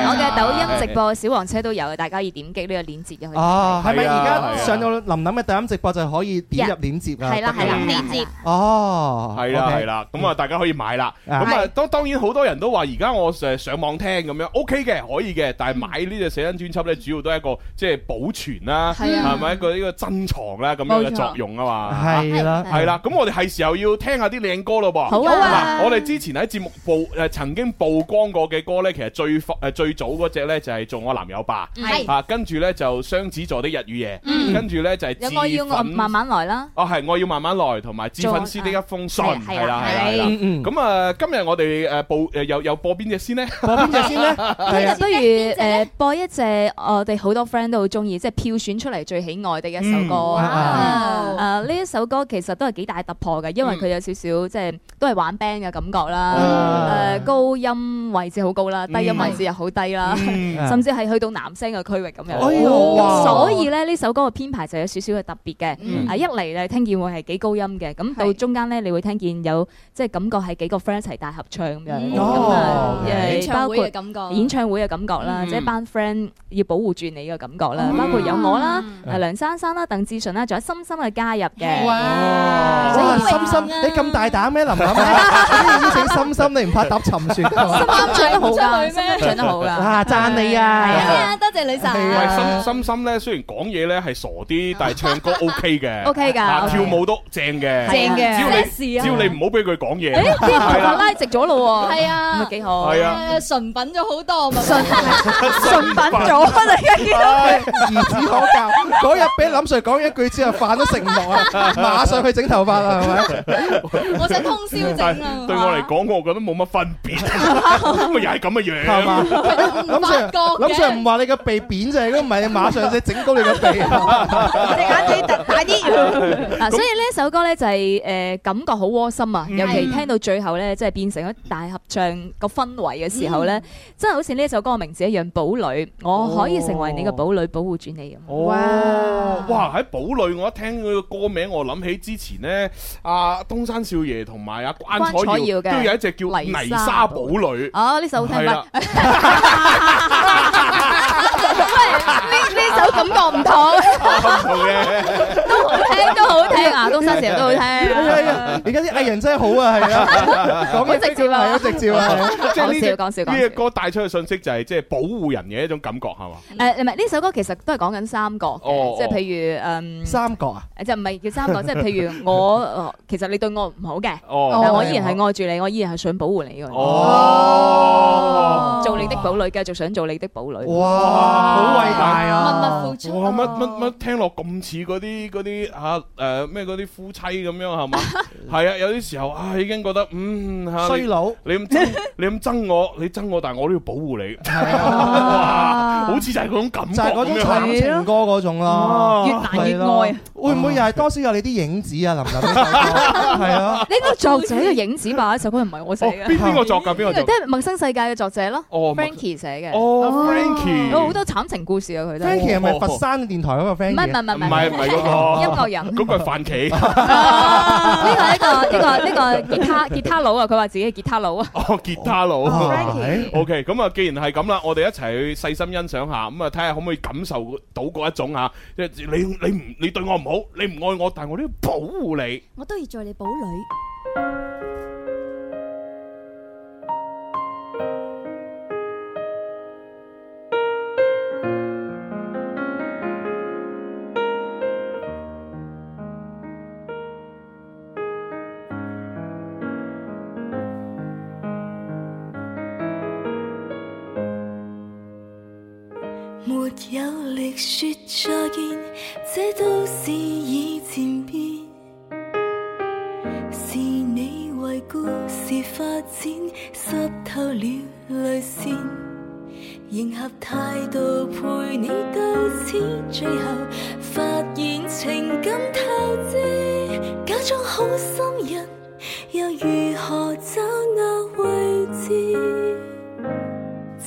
S1: 我嘅
S5: 抖音。直播小黃車都有，大家要點擊呢個鏈接嘅。
S3: 哦，係咪而家上到琳琳嘅抖音直播就可以點入鏈接㗎？係啦，係啦，鏈接。哦，係啦，係啦，
S1: 咁啊，大家可以買啦。咁啊，當當然好多人都話而家我誒上網聽咁樣 OK 嘅，可以嘅。但係買呢隻寫真專輯咧，主要都係一個即係保存啦，係咪一個呢個珍藏咧咁樣嘅作用啊嘛？係啦，係啦。咁我哋係時候要聽下啲靚歌咯噃。好啊！我哋之前喺節目曝誒曾經曝光過嘅歌咧，其實最誒最早嗰隻咧。就係做我男友吧，啊，跟住咧就雙子座的日與夜。跟住咧就係我要慢慢來啦。哦，係我要慢慢來，同埋致粉絲的一封信，係啦係啦。咁啊，今日我哋誒播誒又又播邊隻先呢？播邊隻先呢？不
S5: 如誒播一隻我哋好多 friend 都好中意，即係票選出嚟最喜愛嘅一首歌。誒，呢一首歌其實都係幾大突破嘅，因為佢有少少即係都係玩 band 嘅感覺啦。誒，高音位置好高啦，低音位置又好低啦。甚至係去到男聲嘅區域咁樣，所以咧呢首歌嘅編排就有少少嘅特別嘅。啊，一嚟咧聽見會係幾高音嘅，咁到中間咧你會聽見有即係感覺係幾個 friend 一齊大合唱咁樣，咁啊，包括演唱會嘅感覺，演唱會嘅感覺啦，即係班 friend 要保護住你嘅感覺啦，包括有我啦，啊梁珊珊啦、鄧志順啦，仲有深深嘅加入嘅。
S3: 哇！所以
S5: 深深，你咁大膽咩？林琳，
S3: 你深深，你唔怕搭沉船噶？唱得好咩？唱得好噶。啊，讚！
S2: 係啊，係啊，多謝你。心心
S1: 心咧，雖然講嘢咧係傻啲，但係唱歌 OK 嘅，OK 㗎，跳舞都正嘅，正嘅。只要你只要你唔好俾佢講嘢。
S3: 啲頭髮拉
S2: 直咗咯喎，係啊，幾好，係啊，純品咗好多，純品咗啊！你嘅孺子可教嗰
S3: 日俾林 Sir 講一句之後，飯都食唔落啊，馬上去整頭髮啦，係咪？我想通宵整
S1: 啊！對我嚟講，我覺得冇乜分別，咪又係咁嘅樣。佢都唔慣。諗上唔
S3: 話你個鼻扁啫，如果唔係，馬上再整高你個鼻。隻眼仔大啲。嗱，所以呢
S5: 首歌咧就係、是、誒、呃、感覺好窩心啊，嗯、尤其聽到最後咧，即、就、係、是、變成咗大合唱個氛圍嘅時候咧，嗯、真係好似呢首歌嘅名字一樣，堡壘，我可以成為你嘅堡壘，保護住你咁。哇
S1: 哇喺堡壘，我一聽佢個歌名，我諗起之前咧，阿、啊、東山少爺同埋阿關楚耀，嘅，都有一隻叫泥沙堡壘。哦，呢首好聽。
S3: 喂，呢呢首感覺唔同。都好聽，都好聽啊！東山成日都好聽。係而家啲藝人真係好啊，係啊。
S1: 講緊直接啦，係咯，直接啊。講笑，講笑。呢個歌帶出去信息就係，即係保護人嘅一種感覺，係
S5: 嘛？誒，唔係呢首歌其實都係講緊三角，即係譬如誒，
S1: 三角啊。
S5: 即係唔係叫三角，即係譬如我，其實你對我唔好嘅，但我依然係愛住你，我依然係想保護你哦。做你的堡壘，繼續想做你的
S1: 堡壘。哇，好偉大啊！默默付出。乜乜乜，聽落咁似嗰啲啲嚇誒咩啲夫妻咁樣係嘛？係啊，有啲時候啊，已經覺得嗯衰佬，你咁你咁憎我，你憎我，但係我都要保護你。
S3: 好似就係嗰種感覺，嗰種情歌嗰種咯，越難越愛。會唔會又係多少有你啲影子啊？林林
S5: 係啊，呢個作者嘅影子吧？首歌唔係我寫嘅。邊個作㗎？邊個作？即係陌生世界嘅作者咯。哦，Frankie 寫嘅哦，Frankie，有好多慘情故事啊佢都。Frankie 係咪佛山
S3: 電台嗰個 Frankie？唔係唔係唔係唔係唔係，嗰個英國人，嗰個係范奇。呢個呢個呢個呢個吉他吉他
S5: 佬啊，佢話自己係吉他佬
S1: 啊。哦，吉他佬。Frankie。OK，咁啊，既然係咁啦，我哋一齊去細心欣賞下，咁啊，睇下可唔可以感受到嗰一種嚇，即係你你唔你對我唔好，你唔愛我，但係我都要保護你，
S2: 我都要做你保女。
S6: 說再見，這都是以前變。是你為故事發展，濕透了淚腺，迎合態度陪你到此最後，發現情感透支，假裝好心人，又如何找那位置？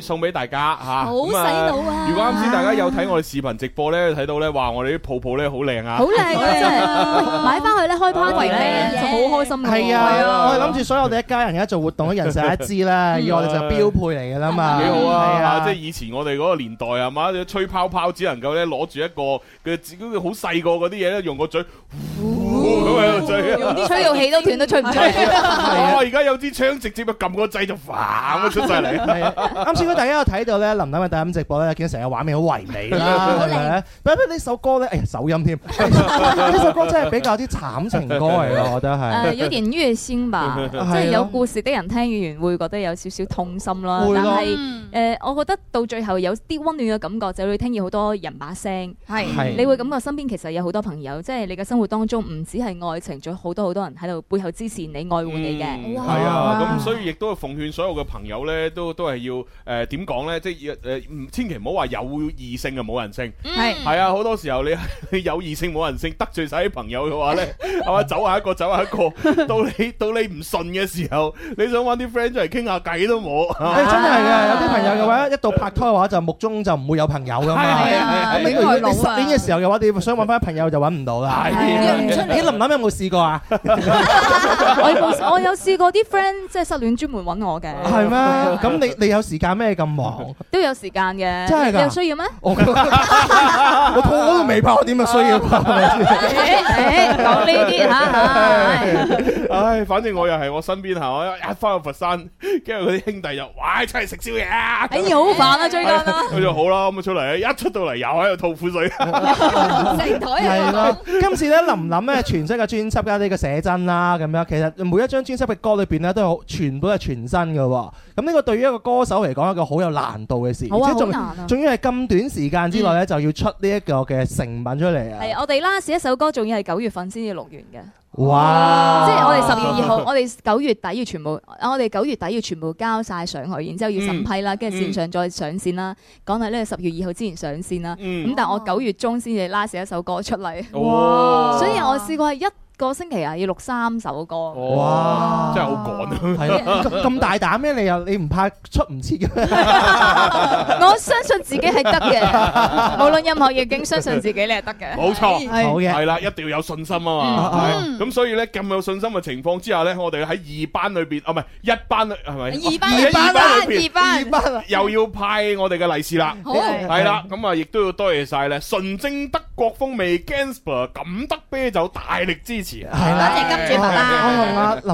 S1: 送俾大家嚇，如果啱先大家有睇我哋視頻直播咧，睇到咧話我哋啲泡泡咧好靚啊，好靚
S4: 嘅，真係！買翻去咧開 party 咧就好
S5: 開心嘅。係啊，我諗住
S3: 所以我哋一家人而家做活動，人手一支啦，我哋就係標配嚟嘅啦嘛。幾好啊！係啊！
S1: 即係以前我哋嗰個年代係嘛，吹泡泡只能夠咧攞住一個佢自己好細個嗰啲嘢咧，用個嘴。
S3: 用啲吹，用
S5: 氣都斷都吹唔出。而
S1: 家有支槍直接啊撳個掣就反咗出晒嚟。
S3: 啱先嗰大家有睇到咧，林琳嘅抖音直播咧，見成日畫面好唯美啦，係呢首歌咧，誒，走音添。呢首歌真係比較啲慘情歌嚟㗎，我覺得係。有啲虐
S5: 心吧，即係有故事的人聽完會覺得有少少痛心啦。會。但係誒，我覺得到最後有啲温暖嘅感覺，就會聽見好多人把聲。係。係。你會感覺身邊其實有好多朋友，即係你嘅生活當中唔只係愛情，仲有好多好多人喺度背後支持你、愛護你
S1: 嘅。係啊，咁所以亦都奉勸所有嘅朋友咧，都都係要誒點講咧，即係誒千祈唔好話有異性啊，冇人性。係係啊，好多時候你有異性冇人性，得罪曬啲朋友嘅話咧，係嘛，走下一個走下一個，到你到你唔順嘅時候，你想揾啲 friend 出嚟傾下偈都冇。係真係嘅，有啲朋友嘅
S3: 話，一到拍拖嘅話就目中就唔會有朋友㗎嘛。係啊，你十年嘅時候嘅話，你想揾翻朋友就揾唔到啦。係。林琳有冇試過
S5: 啊？我有試過啲 friend 即係失戀專門揾我嘅。係咩？咁你你
S3: 有時間咩？咁忙
S5: 都有時間嘅。真係噶？有需要咩？
S3: 我我我都未拍，我點樣需要拍？講
S4: 呢啲
S1: 吓。唉，反正我又係我身邊吓，一翻到佛山，跟住佢啲兄弟又喂，出嚟食宵夜！哎呀，好煩啊，最近啦。佢就好啦，咁啊出嚟，一出到嚟又喺度吐苦水。
S4: 成台人係咯。
S3: 今次咧，林琳咧，全新嘅專輯加呢個寫真啦，咁樣其實每一張專輯嘅歌裏邊咧都係全部係全新嘅喎、啊。咁呢個對於一個歌手嚟講一個好有難度嘅事，好、oh、啊，好難啊，仲要係咁短時間之內咧就要出呢一個嘅成品出嚟啊！係、嗯哎、
S5: 我哋啦，寫一首歌，仲要係九月份先至錄完嘅。
S3: 哇！即係我哋十月二號，哇我哋
S5: 九月底要 全部啊！我哋九月底要全部交晒上去，然之後要審批啦，跟住線上再上線啦。嗯、講係呢個十月二號之前上線啦。咁、嗯嗯、但係我九月中先至拉寫一首歌出嚟。哇！ 哇所以我試過係一。個星期啊，要錄三首
S3: 歌。哇！真係好趕，係咁大膽咩？你又你唔怕出唔切嘅
S1: 咩？
S3: 我相信自己係得嘅，無論任何逆境，相信
S5: 自己你係得嘅。冇錯，係好嘅，係啦，一
S1: 定要有信心啊嘛。咁所以咧，咁有信心嘅情況之下咧，我哋喺二班裏邊啊，唔係一班，係咪？二班，二班，二班，二班，又要派我哋嘅利是啦。好係啦，咁啊，亦都要多謝晒咧，純正德國風味 Gansbar 咁得啤酒大力支持。係，多謝金主爸爸。我同阿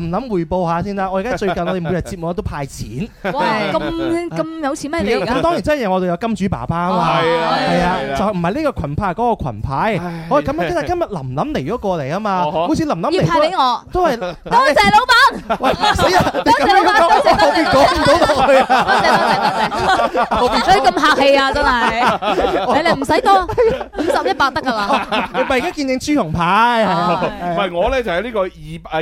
S3: 琳琳彙報下先啦。我而家最近我哋每日節目都派錢，哇，咁
S5: 咁有錢咩？嚟，咁當然真
S3: 係，我哋有金主爸爸啊，嘛，係啊，就唔係呢個群派嗰個羣派。我係咁樣，今日琳琳嚟咗過嚟啊嘛，好似琳琳派畀我，都係多
S5: 謝老闆，多謝老闆，多謝多謝多謝，唔該咁客氣啊，
S3: 真係，你哋唔
S5: 使多五十一
S3: 百得噶啦，你咪而家見證豬紅牌。我咧就喺、是、呢個二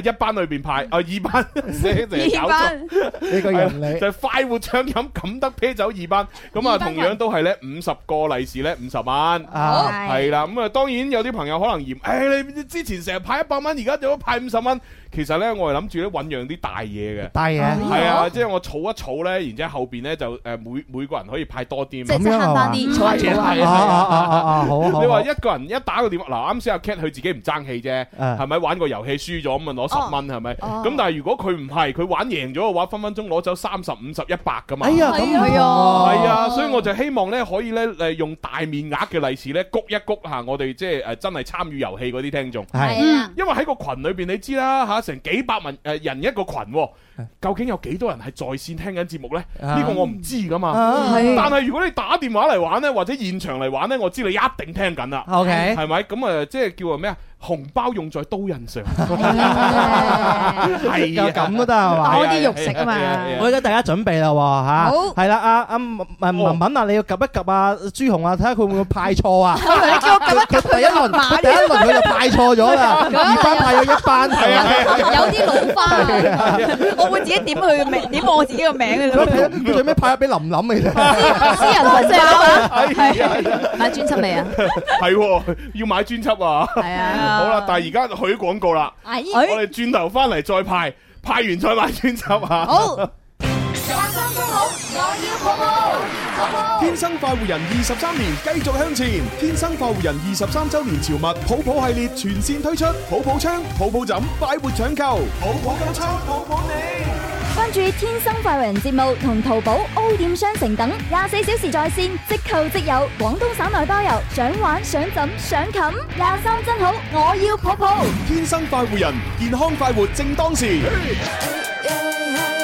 S3: 誒一
S1: 班裏邊派啊二班，搞 班呢個人。 就就快活暢飲咁，敢得啤酒二班咁啊，同樣都係咧五十個利是咧五十蚊，係啦咁啊，當然有啲朋友可能嫌，誒、哎、你之前成日派一百蚊，而家點解派五十蚊？其實咧，我係諗住咧揾養啲大嘢嘅，大嘢係啊，即係我儲一儲咧，然之後後邊咧就誒每每個人可以派多啲，即係慳翻啲，係啊，係啊，你話一個人一打個電話，嗱啱先阿 Cat 佢自己唔爭氣啫，係咪玩個遊戲輸咗咁啊攞十蚊係咪？咁但係如果佢唔係佢玩贏咗嘅話，分分鐘攞走三十五十一百噶嘛。哎呀，咁唔同啊，係啊，所以我就希望咧可以咧誒用大面額嘅利是咧谷一谷嚇我哋即係誒真係參與遊戲嗰啲聽眾，係因為喺個群裏邊你知啦嚇。成幾百萬誒，呃，人一個群哦。究竟有幾多人係在線聽緊節目咧？呢個我唔知噶嘛。但係如果你打電話嚟玩咧，或者現場嚟玩咧，我知你一定聽緊啦。O K，係咪？咁啊，即係叫做咩啊？紅包用在刀刃上，
S3: 係咁都得係嘛？攞啲肉食啊嘛！我而家大家準備啦，吓，好，係啦，阿阿文文啊，你要 𥁸 一 𥁸 啊，朱紅啊，睇下佢會唔會派錯啊？你叫我 𥁸 一 𥁸 佢第一輪，第一輪佢就派錯咗啦，二班派咗一班，有啲老花。
S2: 我 會自己點佢名，點我自己個名
S3: 你最尾派下俾林琳你啊！ 私人合作啊！係 買
S5: 專
S3: 輯
S1: 未啊？係要買專輯啊！係啊！好啦，但係而家去廣告啦，哎、我哋轉頭翻嚟再派，派完再買專輯啊！ 好，
S4: 好，好我要好。
S1: 天生快活人二十三年，繼續向前。天生快活人二十三周年潮物，抱抱系列全線推出，抱抱槍、抱抱枕，快活搶購。抱抱
S2: 槍，抱抱你。關注天生快活人節目同淘寶 O 店商城等，廿四小時在線，即購即有。廣東省內包郵，想玩想枕想琴。廿三真好，我要抱抱
S1: 天生快活人，健康快活正當時。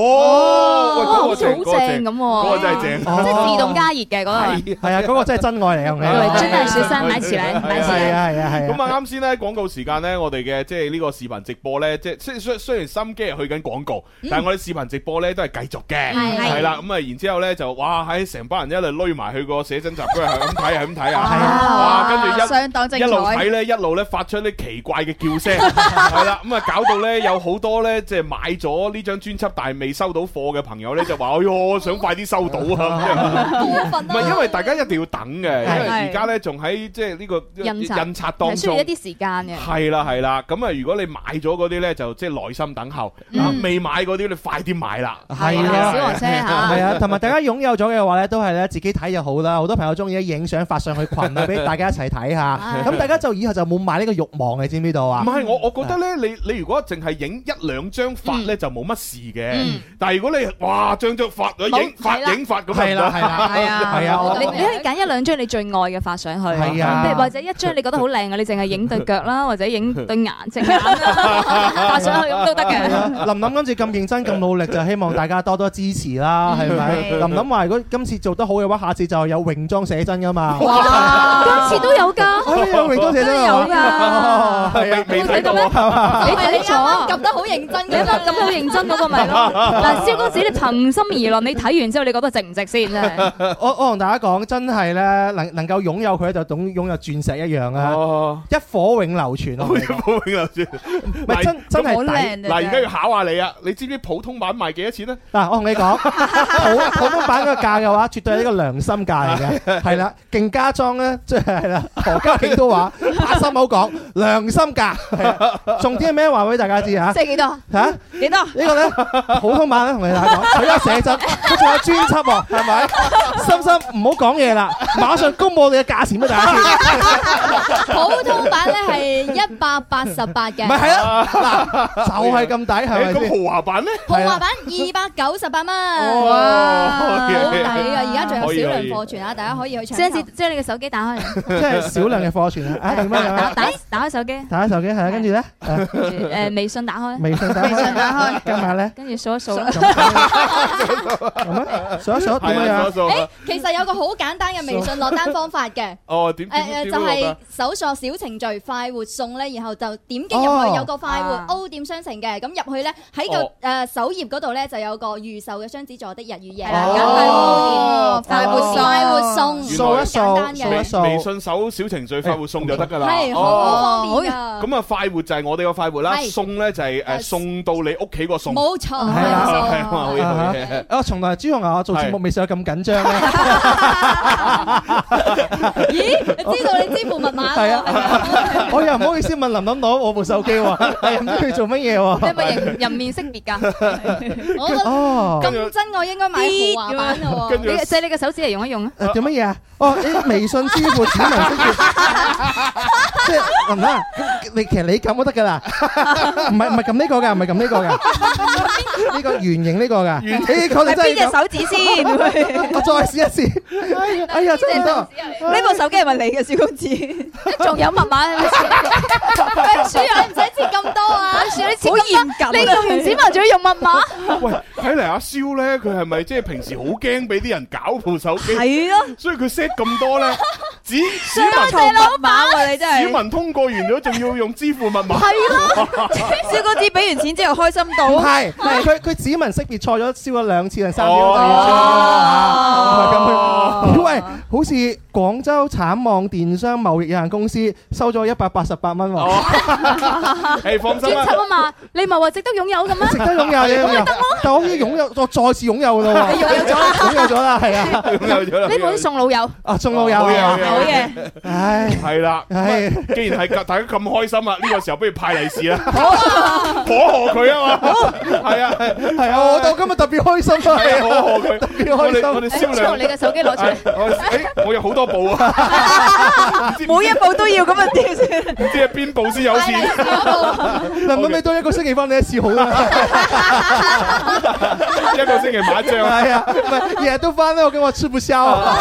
S3: 哦，好似好正咁喎，真係正，即係自動
S5: 加熱嘅嗰個，
S3: 係啊，嗰個真係真愛嚟，我哋真係小心咪遲
S1: 嚟，咪遲嚟，係啊係啊係。咁啊啱先咧廣告時間咧，我哋嘅即係呢個視頻直播咧，即係雖雖然心機係去緊廣告，但係我哋視頻直播咧都係繼續嘅，係啦。咁啊然之後咧就哇喺成班人一路匿埋去個寫真集，都係咁睇係咁睇啊，哇！跟住一一路睇咧一路咧發出啲奇怪嘅叫聲，係啦咁啊搞到咧有好多咧即係買咗呢張專輯，但係未，收到貨嘅朋友咧就話，哎呦，想快啲收到啊！唔係因為大家一定要等嘅，因為而家咧仲喺即係呢個印印刷當中，需要一啲
S5: 時間嘅。係
S1: 啦，係啦。咁啊，如果你買咗嗰啲咧，就即係耐心等候，未買嗰啲，你快啲買啦。係啦，小黃車。係啊，
S3: 同埋大家擁有咗嘅話咧，都係咧自己睇就好啦。好多朋友中意影相發上去群，啊，俾大家一齊睇下。咁大家就以後就冇買呢個慾望，你知唔知道啊？唔係我，我覺得
S1: 咧，你你如果淨係影一兩張發咧，就冇乜事嘅。但如果你哇，張張發，佢影發影發咁，係啦，係啦，係啊，係啊，你你可
S5: 以揀一兩張你最愛嘅發上去，或者一張你覺得好靚嘅，你淨係影對腳啦，或者影對眼睛發上去咁都得嘅。
S3: 琳琳今次咁認真咁努力就希望大家多多支持啦，係咪？琳琳話如果今次做得好嘅話，下次就係有泳裝寫真噶嘛。哇，今次都有噶，泳裝寫真都有噶。你冇睇到咩？你錯，拍得
S5: 好認真嘅，拍得好認真嗰個咪。嗱，蕭公子，你憑心而論，你睇完之後，你覺得值唔值先？真
S3: 係，我我同大家講，真係咧，能能夠擁有佢，就等擁有鑽石一樣啊！一火永流傳，一火永流傳，唔係真真係抵。嗱，而家要考下你啊！你知唔知
S1: 普通版賣幾多錢啊？
S3: 嗱，我同你講，普通版嗰個價嘅話，絕對係一個良心價嚟嘅，係啦，勁家裝咧，即係啦，何家勁都話，阿心好講良心價。重點係咩？話俾大家知嚇。即係幾多？嚇幾多？呢個咧好。普通版咧同你哋講，仲有寫真，仲有專輯喎，係咪？心心，唔好講嘢啦，馬上公布你嘅價錢俾大家知。普通版咧係
S2: 一百八十八嘅，咪係咯，嗱
S3: 就係咁抵，係咪？咁豪華版咧？豪華版
S2: 二百九十八蚊，好抵啊！而家仲有少量貨存啊，大家可以去搶。
S5: 即係即係你嘅手機打開，即
S3: 係少量嘅貨存啊！打
S5: 打打開手機，
S3: 打開手機係啊，跟住咧，誒
S5: 微信打開，微信打開，打開跟住咧，跟住鎖。
S3: 數數一，係啊
S2: 其實有個好簡單嘅微信落單方法嘅。哦，點？誒誒，就係搜索小程序快活送咧，然後就點擊入去有個快活 O 店商城嘅，咁入去咧喺個誒首頁嗰度咧就有個預售嘅雙子座的日與夜。哦，
S4: 快活送。
S2: 原來簡
S1: 單嘅。微信搜小程序快活送就得噶啦。哦，咁啊，快活就係我哋個快活啦，送咧就係誒送到你屋企個送。冇錯。哦，好嘅，好
S3: 嘅。哦，從來朱紅牙，我做節目未試過咁緊張嘅。咦？你知道你支付密碼？係啊。我又唔好意思問林琳攞我部手機喎，係唔知佢做乜嘢喎？係咪人
S5: 面識別㗎？哦，咁真我應該買豪華版咯喎。你借你個手指嚟用一用
S3: 啊？做乜嘢啊？哦，你微信支付指紋識別，即係林琳，你其實你撳都得㗎啦。唔係唔係撳呢個㗎，唔係撳呢個㗎。呢個圓形呢個噶，你確定真係邊隻手指先？我再試一試。哎呀，真係得！呢部手機係咪你嘅，小公子？
S2: 仲有密碼係咪。冰叔，你唔使設咁多啊！冰叔，你設咁，你用完指紋仲要用密碼？
S1: 喂，睇嚟，阿蕭咧，佢係咪即係平時好驚俾啲人搞部手機？係咯，所以佢 set 咁多咧。指紋通過，指紋
S3: 通過完咗仲要用支付密碼。係啦，
S6: 小個子
S2: 俾完錢之後開心到。唔係，
S3: 佢佢指紋識別錯咗，燒咗兩次定三次就要燒。喂，好似廣州產網電商貿易有限公司收咗一百八十八蚊喎。
S1: 係放心啦，
S5: 專輯啊嘛，你唔係話值得擁有嘅咩？值得擁有嘅，值得咯。但
S3: 好似擁有，再再次擁有咯喎。擁有咗啦，係啊，擁有咗啦。呢本送老友啊，送老友。哎，
S1: 係啦，既然係大家咁開心啊，呢個時候不如派利是啦，
S3: 可賀佢啊嘛，係啊，係啊，我到今日特別開心，可賀佢，特別開心，我哋燒兩，你嘅手機
S1: 攞出嚟，我有好多部
S3: 啊，每一部都要咁樣跳先，唔知係邊部先有錢？能唔能多一個星期翻你一次好啦？
S1: 一個星期買一張，係啊，
S3: 唔係日日都翻呢，我驚我吃不消
S1: 啊。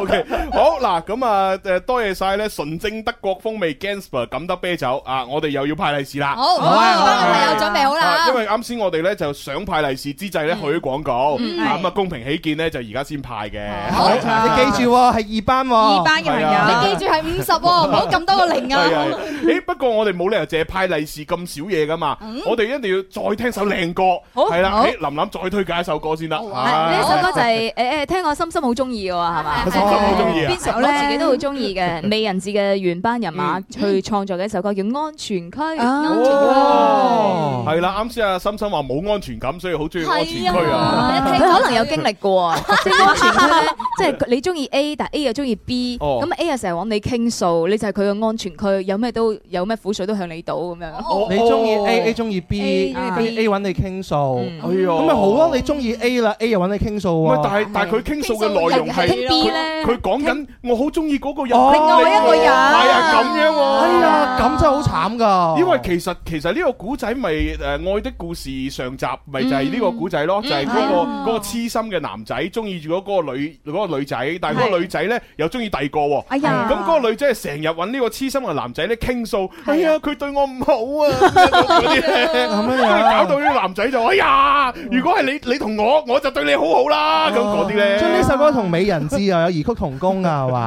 S1: OK，好嗱，咁啊。誒誒，多謝晒咧，純正德國風味 Gansper 咁得啤酒啊！我哋又要派利是啦，
S4: 好，好朋友準備
S2: 好
S3: 啦。因
S1: 為啱先我哋咧就想派利是之際咧，去咗廣告，咁啊公平起見咧，就而家先派嘅。好，你記住
S3: 喎，係二班喎，二班嘅朋友，你記住係五
S2: 十
S5: 喎，唔好咁多個零啊。係
S1: 啊，誒，不過我哋冇理由淨係派利是咁少嘢噶嘛，我哋一定要再聽首靚歌，係啦，林琳再推介一首歌先得。呢一首歌
S5: 就係，誒，聽我心心好中意嘅係嘛，心心好
S1: 中意啊，邊首
S5: 咧？都好中意嘅，美人節嘅原班人馬去創作嘅一首歌叫《安全區》。哦，
S1: 係啦，啱先阿心心話冇安全感，所以好中意《安全區》啊。佢可能有經歷
S5: 過，啊，《安全區，即係你中意 A，但 A 又中意 B，咁 A 又成日搵你傾訴，你就係佢嘅安全區，有咩都有咩苦水都向你倒咁樣。你中意 A，A 中意 B，A
S3: 搵你傾訴，哎呀，咁咪好啊？你中意 A 啦，A 又搵你傾訴，但係但係佢傾訴嘅內容係佢講緊我好中。意嗰個人，另外一
S1: 個人，係啊，咁樣喎。哎呀，咁真係好慘噶。因為其實其實呢個古仔咪誒愛的故事上集，咪就係呢個古仔咯，就係嗰個嗰個痴心嘅男仔中意住嗰嗰個女嗰個女仔，但係嗰個女仔咧又中意第二個喎。哎呀，咁嗰個女仔係成日揾呢個痴心嘅男仔咧傾訴，係啊，佢對我唔好啊。咁樣搞到呢個男仔就哎呀，如果係你，你同我，我就對你好好啦。咁嗰啲
S3: 咧，將呢首歌同美人志又有異曲同工噶，係嘛？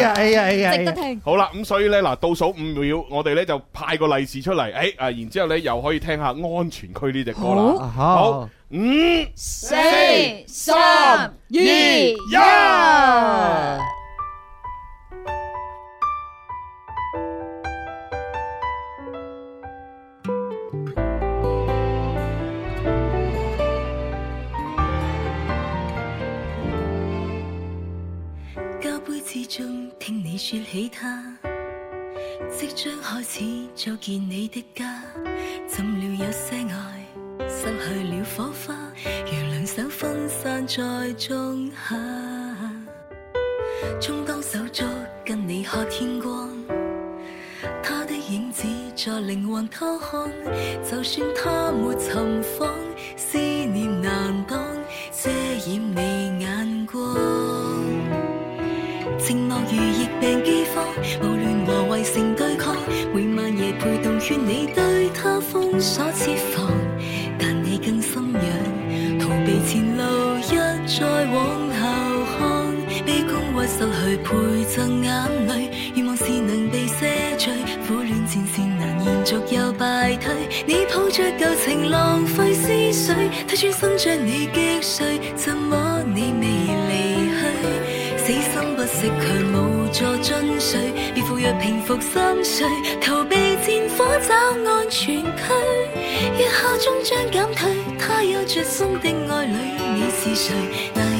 S5: 值得聽。
S1: 好啦，咁、嗯、所以呢，嗱，倒數五秒，我哋呢就派個利是出嚟，誒、哎，啊，然之後咧又可以聽下安全區呢隻歌啦。好，好好五、四、
S4: 三、二、一、yeah！
S6: 中聽你說起他，即將開始組建你的家。怎料有些愛失去了火花，如兩手分散在中下。充當手足跟你看天光，他的影子在靈魂偷看。就算他沒尋訪，思念難擋，遮掩你眼光。寂寞如疫病飢荒，無論和圍城對抗，每晚夜陪同勸你對他封鎖設防，但你更心癢，逃避前路一再往後看，被困惑失去陪贈眼淚，願望是能被赦罪，苦戀戰線難延續又敗退，你抱着舊情浪費思緒，他轉身將你擊碎，怎麼你未？直強無助進睡，別苦藥平伏心碎，逃避戰火找安全區。熱後終將減退。他有着新的愛侶。你是誰？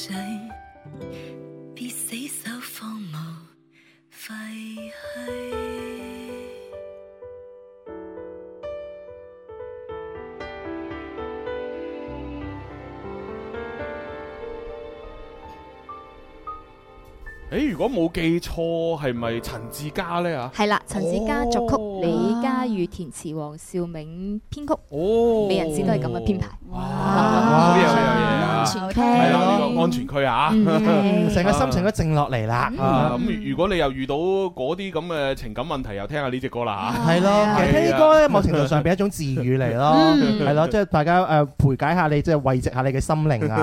S1: 誒，如果冇記錯，係咪陳志嘉咧啊？係啦，
S5: 陳志嘉作曲，李嘉裕填詞，黃少銘編曲，哦，美人志都係咁嘅
S3: 編排。哇，呢樣嘢啊，安全係啦，呢個安全區啊，成個心情都靜落嚟啦。咁
S1: 如果你又遇到嗰啲咁嘅情感問題，又聽下呢隻歌啦吓。係咯，聽
S3: 歌咧，某程度上係一種治癒嚟咯，係咯，即係大家誒，陪解下你，即係慰藉下你嘅心靈啊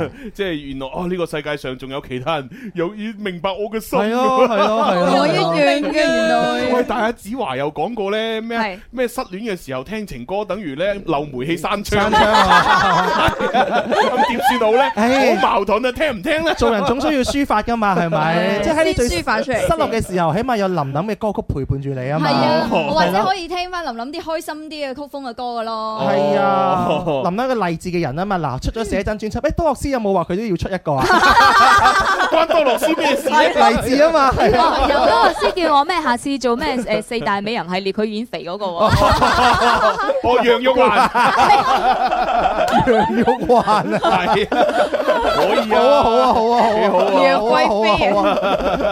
S3: 咁樣啊。
S1: 即係原來哦，呢個世界上仲有其他人有。要明白我嘅心的、 啊。係咯、啊，係咯、啊，我一樣嘅原來遠遠。喂，但係子華又講過咧咩？咩失戀嘅時候聽情歌，等於咧漏煤氣閂窗。閂
S3: 窗啊！咁點算到咧？好、欸、矛盾啊！聽唔聽咧？做人總需要抒發噶嘛，係咪？即係喺啲抒發出嚟。失落嘅時候，起碼有林琳嘅歌曲陪伴住你啊嘛。係啊，或者可
S2: 以聽翻林琳啲開心啲嘅曲風嘅歌噶咯。係、哦、
S3: 啊，林琳一個勵志嘅人啊嘛。嗱，出咗寫真專輯，喂、欸，多樂師有冇話佢都要出一個啊？ 關多樂。 知咩事例子啊嘛，有嗰、 啊、個師叫我
S5: 咩，下次做咩誒四大美人系列，佢已經肥嗰
S1: 個，楊 玉環、
S3: 啊， 楊 玉環係、啊。 可以啊！好啊，好啊，好啊，好啊，幾好啊！楊
S4: 貴妃啊！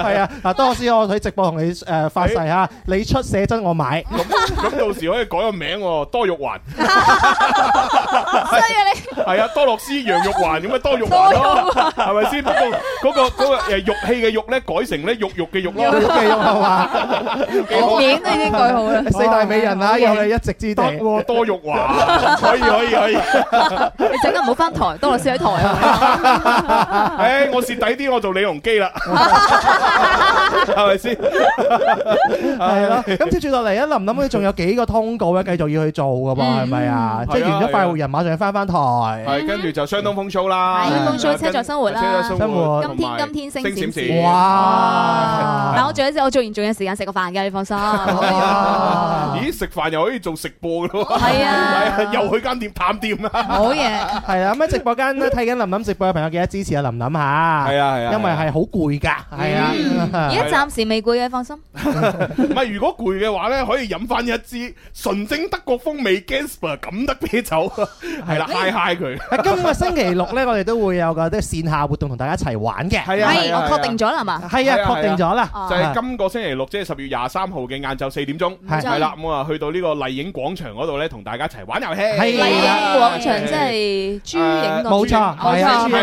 S3: 係啊，嗱，多樂師，我喺直播同你誒發誓吓，你出寫真我買。咁咁
S1: 到時可以改個名，多玉環。所以你係啊，多樂師楊玉環，咁咪多玉環咯，係咪先？嗰個嗰個誒玉器嘅玉咧，改成咧玉玉嘅玉咯，係嘛？面
S3: 都已經改好啦。四大美人啊，有你一席之地。得，多玉環，
S5: 可
S3: 以可
S1: 以可以。你陣間唔好翻台，多樂師喺台啊。哎，我蝕底啲，我做李龍基啦，係咪先？係咯。
S3: 咁接住落嚟啊，林琳，你仲有幾個通告繼續要去做嘅噃？係咪啊？即係完咗快活人，馬上要翻翻台。係跟住就相當風騷啦，夢想車載生活啦，生活。今天今天星閃
S1: 閃。
S5: 哇！但我做一陣，我做完仲有時間食個飯嘅，你
S1: 放心。咦？食飯又可以做食播嘅喎？係啊，又去間店探店啊？冇嘢，
S3: 係啦。咁喺直播間睇緊林琳直播。朋友記得支持阿琳琳嚇，係啊，係啊，因為係好攰噶，係啊，而家暫
S5: 時未攰嘅，放心。
S1: 唔係如果攰嘅話咧，可以飲翻一支純正德國風味 Gansper 咁得啤酒，係啦，嗨嗨佢。今個
S3: 星期六咧，我哋都會有個啲線下活動同大家一齊玩嘅，係啊，我確定咗啦嘛，係啊，確定咗啦，就係今
S1: 個星期六，即係十月廿三號嘅晏晝四點鐘，係啦，咁啊，去到呢個麗影廣場嗰度咧，同大家一齊玩遊戲。麗影廣場即係
S3: 珠影，冇錯，冇錯。係啦，係啦，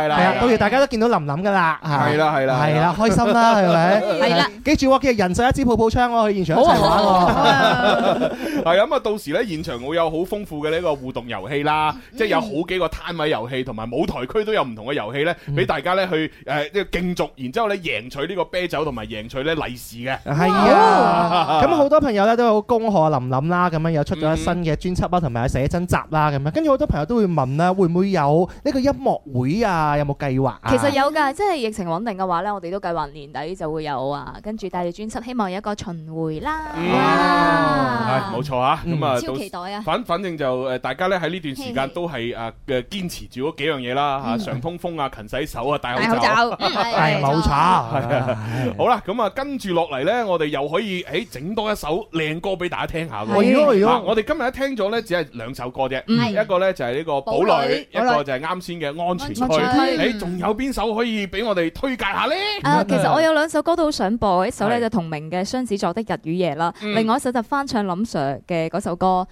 S3: 係啦！到時大家都見到琳琳噶啦，係啦，係啦，係啦，開心啦，係咪？係啦，記住喎，佢係人手一支泡泡槍喎，喺現場一齊玩
S1: 喎。係咁啊，到時咧現場會有好豐富嘅呢個互動遊戲啦，即係有好幾個攤位遊戲，同埋舞台區都有唔同嘅遊戲咧，俾大家咧去誒即係競逐，然之後咧贏取呢個啤酒，同埋贏取咧利是嘅。係啊，
S3: 咁好多朋友咧都好恭賀琳琳啦，咁樣又出咗新嘅專輯啦，同埋寫真集啦，咁樣。跟住好多朋友都會問咧，會唔會有呢個音樂？會啊，有冇計劃啊？其實有
S5: 㗎，即係疫情穩定嘅話咧，我哋都計劃年底就會有啊，跟住帶你專輯，希望有一個巡迴啦。
S1: 哇！冇錯啊，咁啊超期待啊！反反正就誒，大家咧喺呢段時間都係誒嘅堅持住嗰幾樣嘢啦，嚇常通風啊，勤洗手啊，戴口罩，係冇錯，好啦，咁啊跟住落嚟咧，我哋又可以誒整多一首靚歌俾大家聽下咯。嗱，我哋今日一聽咗咧，只係兩首歌啫，一個咧就係呢個寶女，一個就係啱先嘅安。全你仲有邊首可以俾我哋推介下呢？啊，其實我有
S5: 兩首歌都好想播，一首咧就同名嘅《雙子座的日與夜》啦，另外一首就翻唱林 Sir 嘅嗰首歌，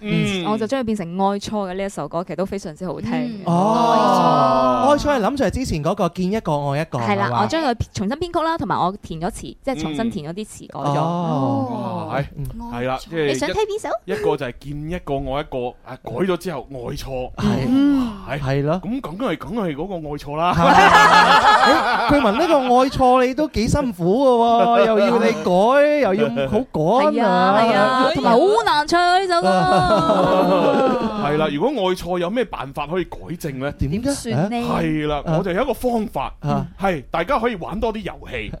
S5: 我就將佢變成愛錯嘅呢一首歌，其實都非常之好聽。哦，
S3: 愛錯係林 Sir 之前嗰個《見一個愛一個》。係啦，我將佢
S5: 重新編曲啦，同埋我填咗詞，即係重新填咗啲詞改咗。哦，係，係啦。
S1: 你想聽邊首？一個就係《見一個愛一個》，啊改咗之後愛錯，係係咯。咁講緊係講緊係。嗰個愛錯啦，
S3: 佢問呢個愛錯你都幾辛苦嘅喎，又要你改，又要好改
S5: 啊，係啊，同埋好難唱呢首歌。
S1: 係啦，如果愛錯有咩辦法可以改正咧？點點算呢？係啦，我就有一個方法，係大家可以玩多啲遊戲。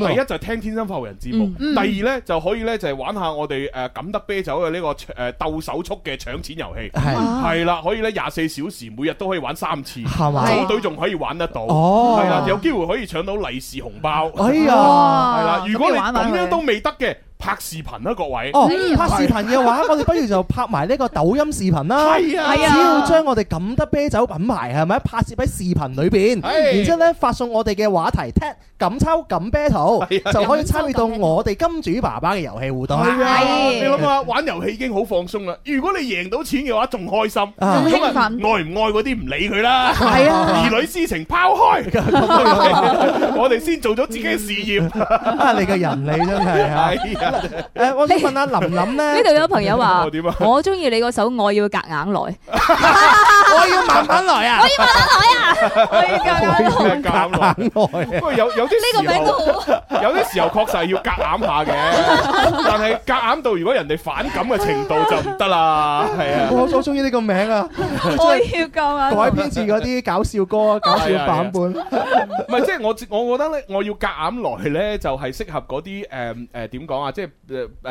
S1: 第一就係聽《天生快活人》節目，第二咧就可以咧就係玩下我哋誒錦德啤酒嘅呢個誒鬥手速嘅搶錢遊戲，係啦，可以咧廿四小時每日都可以玩三次，係嘛？隊仲可以玩得到，係啦，有機會可以搶到利是紅包。哎呀係啦，如果你噉樣都未得嘅。拍視頻啦，各位哦！拍視頻嘅話，
S3: 我哋不如就拍埋呢個抖音視頻啦。係啊，只要將我哋錦德啤酒品牌係咪拍攝喺視頻裏邊，然之後咧發送我哋嘅話題 tag 錦秋錦啤圖，就可以參與到我哋金主爸爸嘅遊戲互動。係啊，你諗
S1: 下，玩遊戲已經好放鬆啦。如果你贏到錢嘅話，仲開心，仲興奮。愛唔愛嗰啲唔理佢啦，係啊，兒女私情拋開。
S3: 我哋先做咗自己嘅事業。啊，你嘅人你真係啊！誒，我想問下琳琳咧，呢度有朋友話，我點呀，
S5: 我中意你個首我要夾硬來，
S1: 我要慢慢來啊，
S5: 我要慢慢來啊，
S1: 我要夾硬來。不過有有啲，呢個名都好，有啲時候確實係要夾硬下嘅，但係夾硬到如果人哋反感嘅程度就唔得啦。係啊，我好
S3: 中意呢個名啊，我要咁啊，改編自嗰啲搞笑歌啊，搞笑版本，
S1: 唔係即係我，我覺得咧，我要夾硬來咧，就係適合嗰啲誒誒點講啊，即係誒誒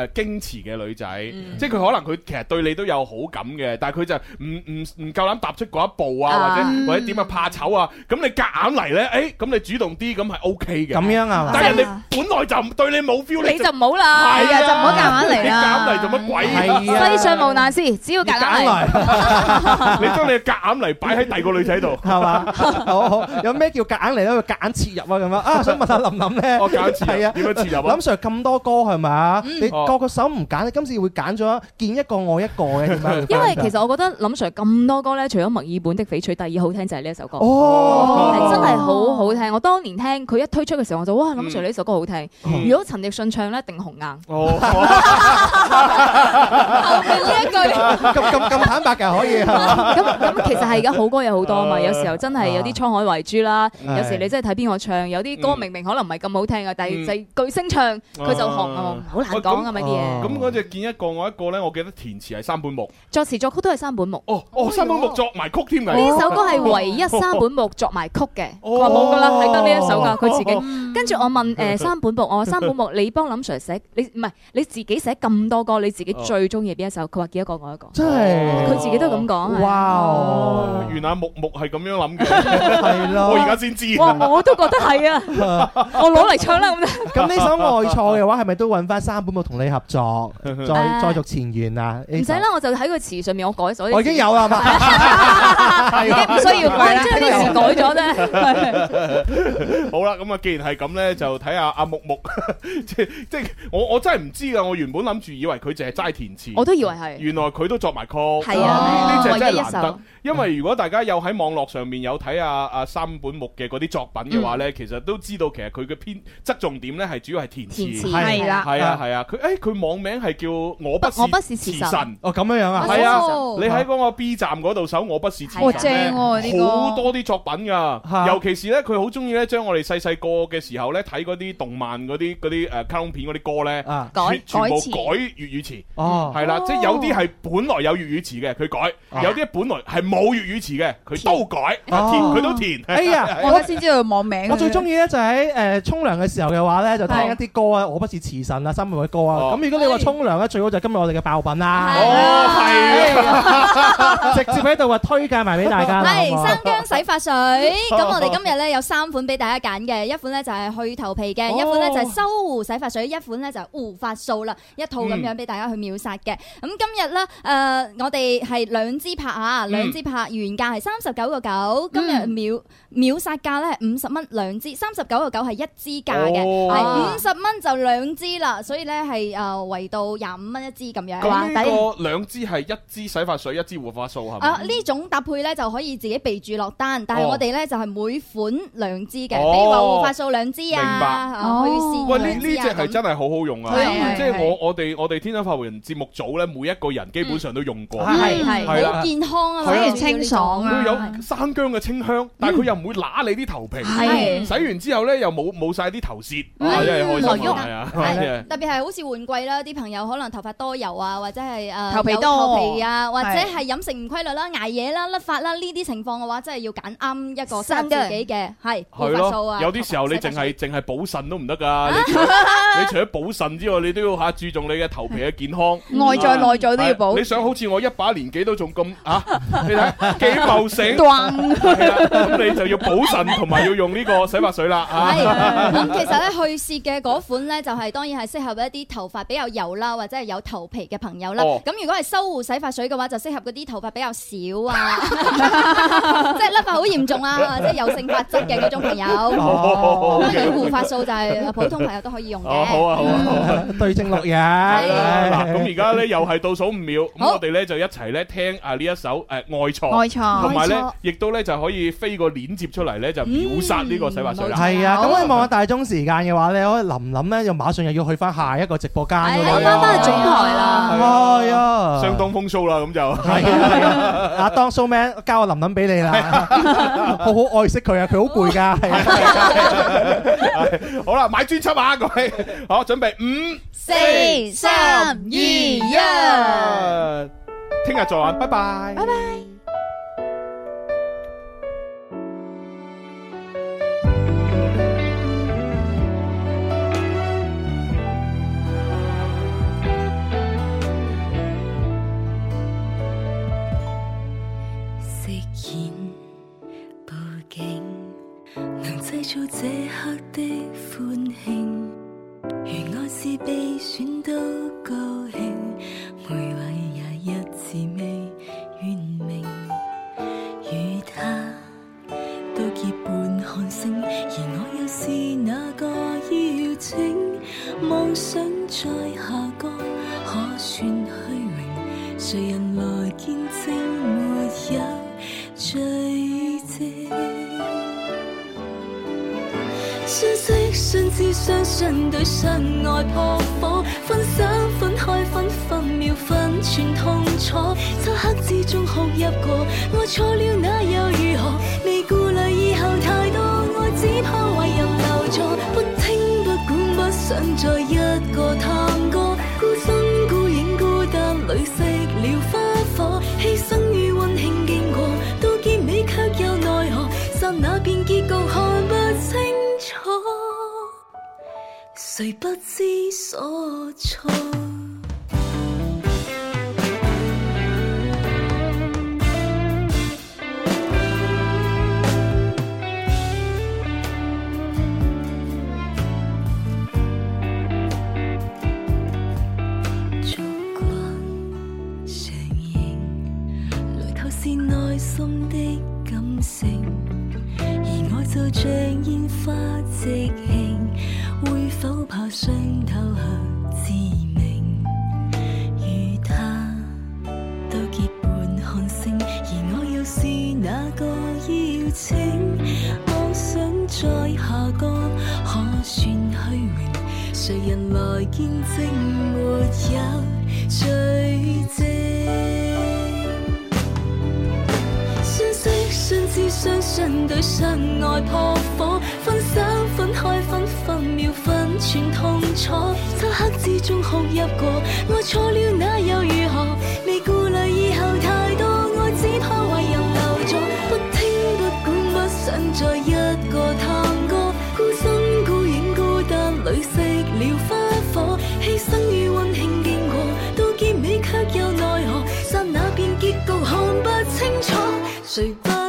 S1: 矜持嘅女仔，即係佢可能佢其實對你都有好感嘅，但係佢就唔唔唔夠膽踏出嗰一步啊，或者或者點啊怕醜啊，咁你夾硬嚟咧，誒咁你主動啲咁係 OK 嘅。咁樣啊，但係人哋本來就對你冇 feel，你就
S5: 唔好啦，係啊，就唔
S1: 好夾
S3: 硬嚟啊。你夾硬嚟做乜鬼？係啊，世上無難事，只要夾硬嚟。
S1: 你將你夾硬嚟擺喺第二個女仔度，係嘛？
S3: 好，有咩叫夾硬嚟咧？要夾硬切入啊？咁樣啊？想問下林琳咧？我夾硬切入，係啊？點樣切入啊？林 Sir 咁多歌係咪啊？你個個手唔揀，你今次會揀咗見一個愛一個嘅。因為其實我覺得林 Sir 咁
S5: 多歌咧，除咗墨爾本的翡翠第二好聽就係呢一首歌。哦，係真係好好聽！我當年聽佢一推出嘅時候，我就哇，林 Sir 呢首歌好聽。如果陳奕迅唱咧，一定紅硬。
S3: 後面呢一句咁咁咁坦白嘅可以。
S5: 咁咁其實係而家好歌有好多啊嘛！有時候真係有啲滄海遺珠啦。有時你真係睇邊個唱，有啲歌明明可能唔係咁好聽嘅，但係就係巨星唱佢就紅。好難講㗎嘛，呢啲
S1: 嘢。咁嗰隻見一個我一個咧，我記得填詞係三本木，
S5: 作詞作曲都係三本木。
S1: 哦，哦，三本木作埋曲添噶。呢首歌係唯一三本
S5: 木作埋曲嘅。哦，冇噶啦，係得呢一首噶。佢自己。跟住我問誒三本木，我話三本木，你幫林 Sir 寫，你唔係你自己寫咁多歌，你自己最中意邊一首？佢話幾多個我一個。
S1: 真係。佢自
S5: 己都咁講。哇，
S1: 原阿木木係咁樣諗嘅，係咯，我而家先知。哇，我都覺得係啊，
S3: 我攞嚟唱啦咁。咁呢首《愛錯》嘅話，係咪都揾翻？三，本冇同你合作？再再續前緣啊！唔使
S5: 啦，我就喺個詞上面我改咗。我已經有啦，唔
S3: 需要改啦，改咗啫。
S1: 好啦、啊，咁 啊，既然係咁咧，就睇下阿木木， 即即我我真係唔知啊！我原本諗住以為佢淨係齋填詞，我都以為係，原來佢都作埋曲，啊，呢隻、啊、真係一首。因為如果大家有喺網絡上面有睇阿阿三本木嘅嗰啲作品嘅話呢其實都知道其實佢嘅編側重點呢係主要係填詞係啦，係啊係啊，佢誒佢網名係叫我不是詞神哦咁樣樣啊，係啊，你喺嗰個 B 站嗰度搜我不是詞神，好多啲作品㗎，尤其是呢，佢好鍾意呢將我哋細細個嘅時候呢睇嗰啲動漫嗰啲啲誒卡通片嗰啲歌呢，全部改粵語詞，係啦，即係有啲係本來有粵語詞嘅佢改，有啲本來係。冇粵語詞嘅，佢都改，佢都填。哎呀，
S3: 我家先
S5: 知道網名。我最中
S3: 意咧就喺誒沖涼嘅時候嘅話咧，就聽一啲歌啊，我不是慈神啊，三毛嘅歌啊。咁如果你話沖涼咧，最好就今日我哋嘅爆品啦。哦，係，直接喺度話推介埋俾大家。係，生薑洗
S2: 髮水。咁我哋今日咧有三款俾大家揀嘅，一款咧就係去頭皮嘅，一款咧就係修護洗髮水，一款咧就係護髮素啦，一套咁樣俾大家去秒殺嘅。咁今日咧，誒，我哋係兩支拍吓，兩支。拍原價係三十九個九，今日秒秒殺價咧係五十蚊兩支，三十九個九係一支價嘅，係五十蚊就兩支啦。所以咧係誒圍到廿五蚊一支咁樣。咁個
S1: 兩支係一支洗髮水，一支護髮素係嘛？啊
S2: 呢種搭配咧就可以自己備注落單，但係我哋咧就係每款兩支嘅，譬如話護髮素兩支啊，我要試喂呢呢只係
S1: 真係好好用啊！即係我我哋我哋天生快活人節目組咧，每一個人基本上都用過，係係好健
S2: 康啊，可清爽啦，佢有
S1: 生薑嘅清香，但係佢又唔會乸你啲頭皮，洗完之後咧又冇冇晒啲頭屑，係真係開心，係啊係特
S2: 別係好似換季啦，啲朋友可能頭髮多油啊，或者係誒頭皮多皮啊，或者係飲食唔規律啦、捱夜啦、甩髮啦呢啲情況嘅話，真係要揀啱一個生薑嘅係，係咯，有啲時候你淨係
S1: 淨係補腎都唔得噶，你除咗補腎之外，你都要吓注重你嘅頭皮嘅健康，外在內在都要補。你想好似我一把年紀都仲咁啊，幾茂盛，咁你就要補腎同埋要用呢個洗髮水啦。係咁，其實
S2: 咧去屑嘅嗰款咧就係當然係適合一啲頭髮比較油啦，或者係有頭皮嘅朋友啦。咁如果係修護洗髮水嘅話，就適合嗰啲頭髮比較少啊，即係甩髮好嚴重啊，即係油性髮質嘅嗰種朋友。
S3: 當然護髮素就係普通朋友都可以用嘅。好啊，好啊，對症落藥。
S1: 嗱，咁而家咧又係倒數五秒，咁我哋咧就一齊咧聽啊呢一首誒外。錯同埋咧，亦都咧就可以飛個鏈接出嚟咧，就秒殺呢個洗髮水啦。係啊，咁喺
S3: 望下大鐘時間嘅話咧，我林琳咧就馬上又要去翻下一個直播間，係翻翻去總台啦。哎呀，相當風騷啦，咁就。啊，當 showman 交個林琳俾你啦，好好愛惜佢啊，佢好攰噶。
S1: 好
S3: 啦，買專輯啊，各位，好準備五、四、三、二、一，聽日再玩，拜拜，拜拜。
S6: 做造這刻的歡慶，如我是被選都高興，每位也一字未怨命。與他都結伴看星，而我又是那個邀請？妄想再下降，可算虛榮？誰人來見證沒有罪證？相識相知、相信對、相愛、撲火，分手、分開、分分秒分寸痛楚，漆黑之中哭泣過，愛錯了那又如何？未顧慮以後太多，愛只怕為人留座，不聽、不管、不想再一個他。誰不知所措？燭光 上映，來透視內心的感性，而我就像煙花直。都怕傷透後致命，與他都結伴看星，而我又是哪個邀請？妄想再下個可算虛榮，誰人來見證沒有罪證？相識、相知、相信、相對、相愛破火，分手、分開。全痛楚，漆黑之中哭泣過，愛錯了那又如何？未顧慮以後太多，愛只怕為人留咗。不聽不管不想再一個探戈，孤身孤影孤單裏熄了花火，犧牲與溫馨經過，到結尾卻又奈何？剎那變結局看不清楚，誰？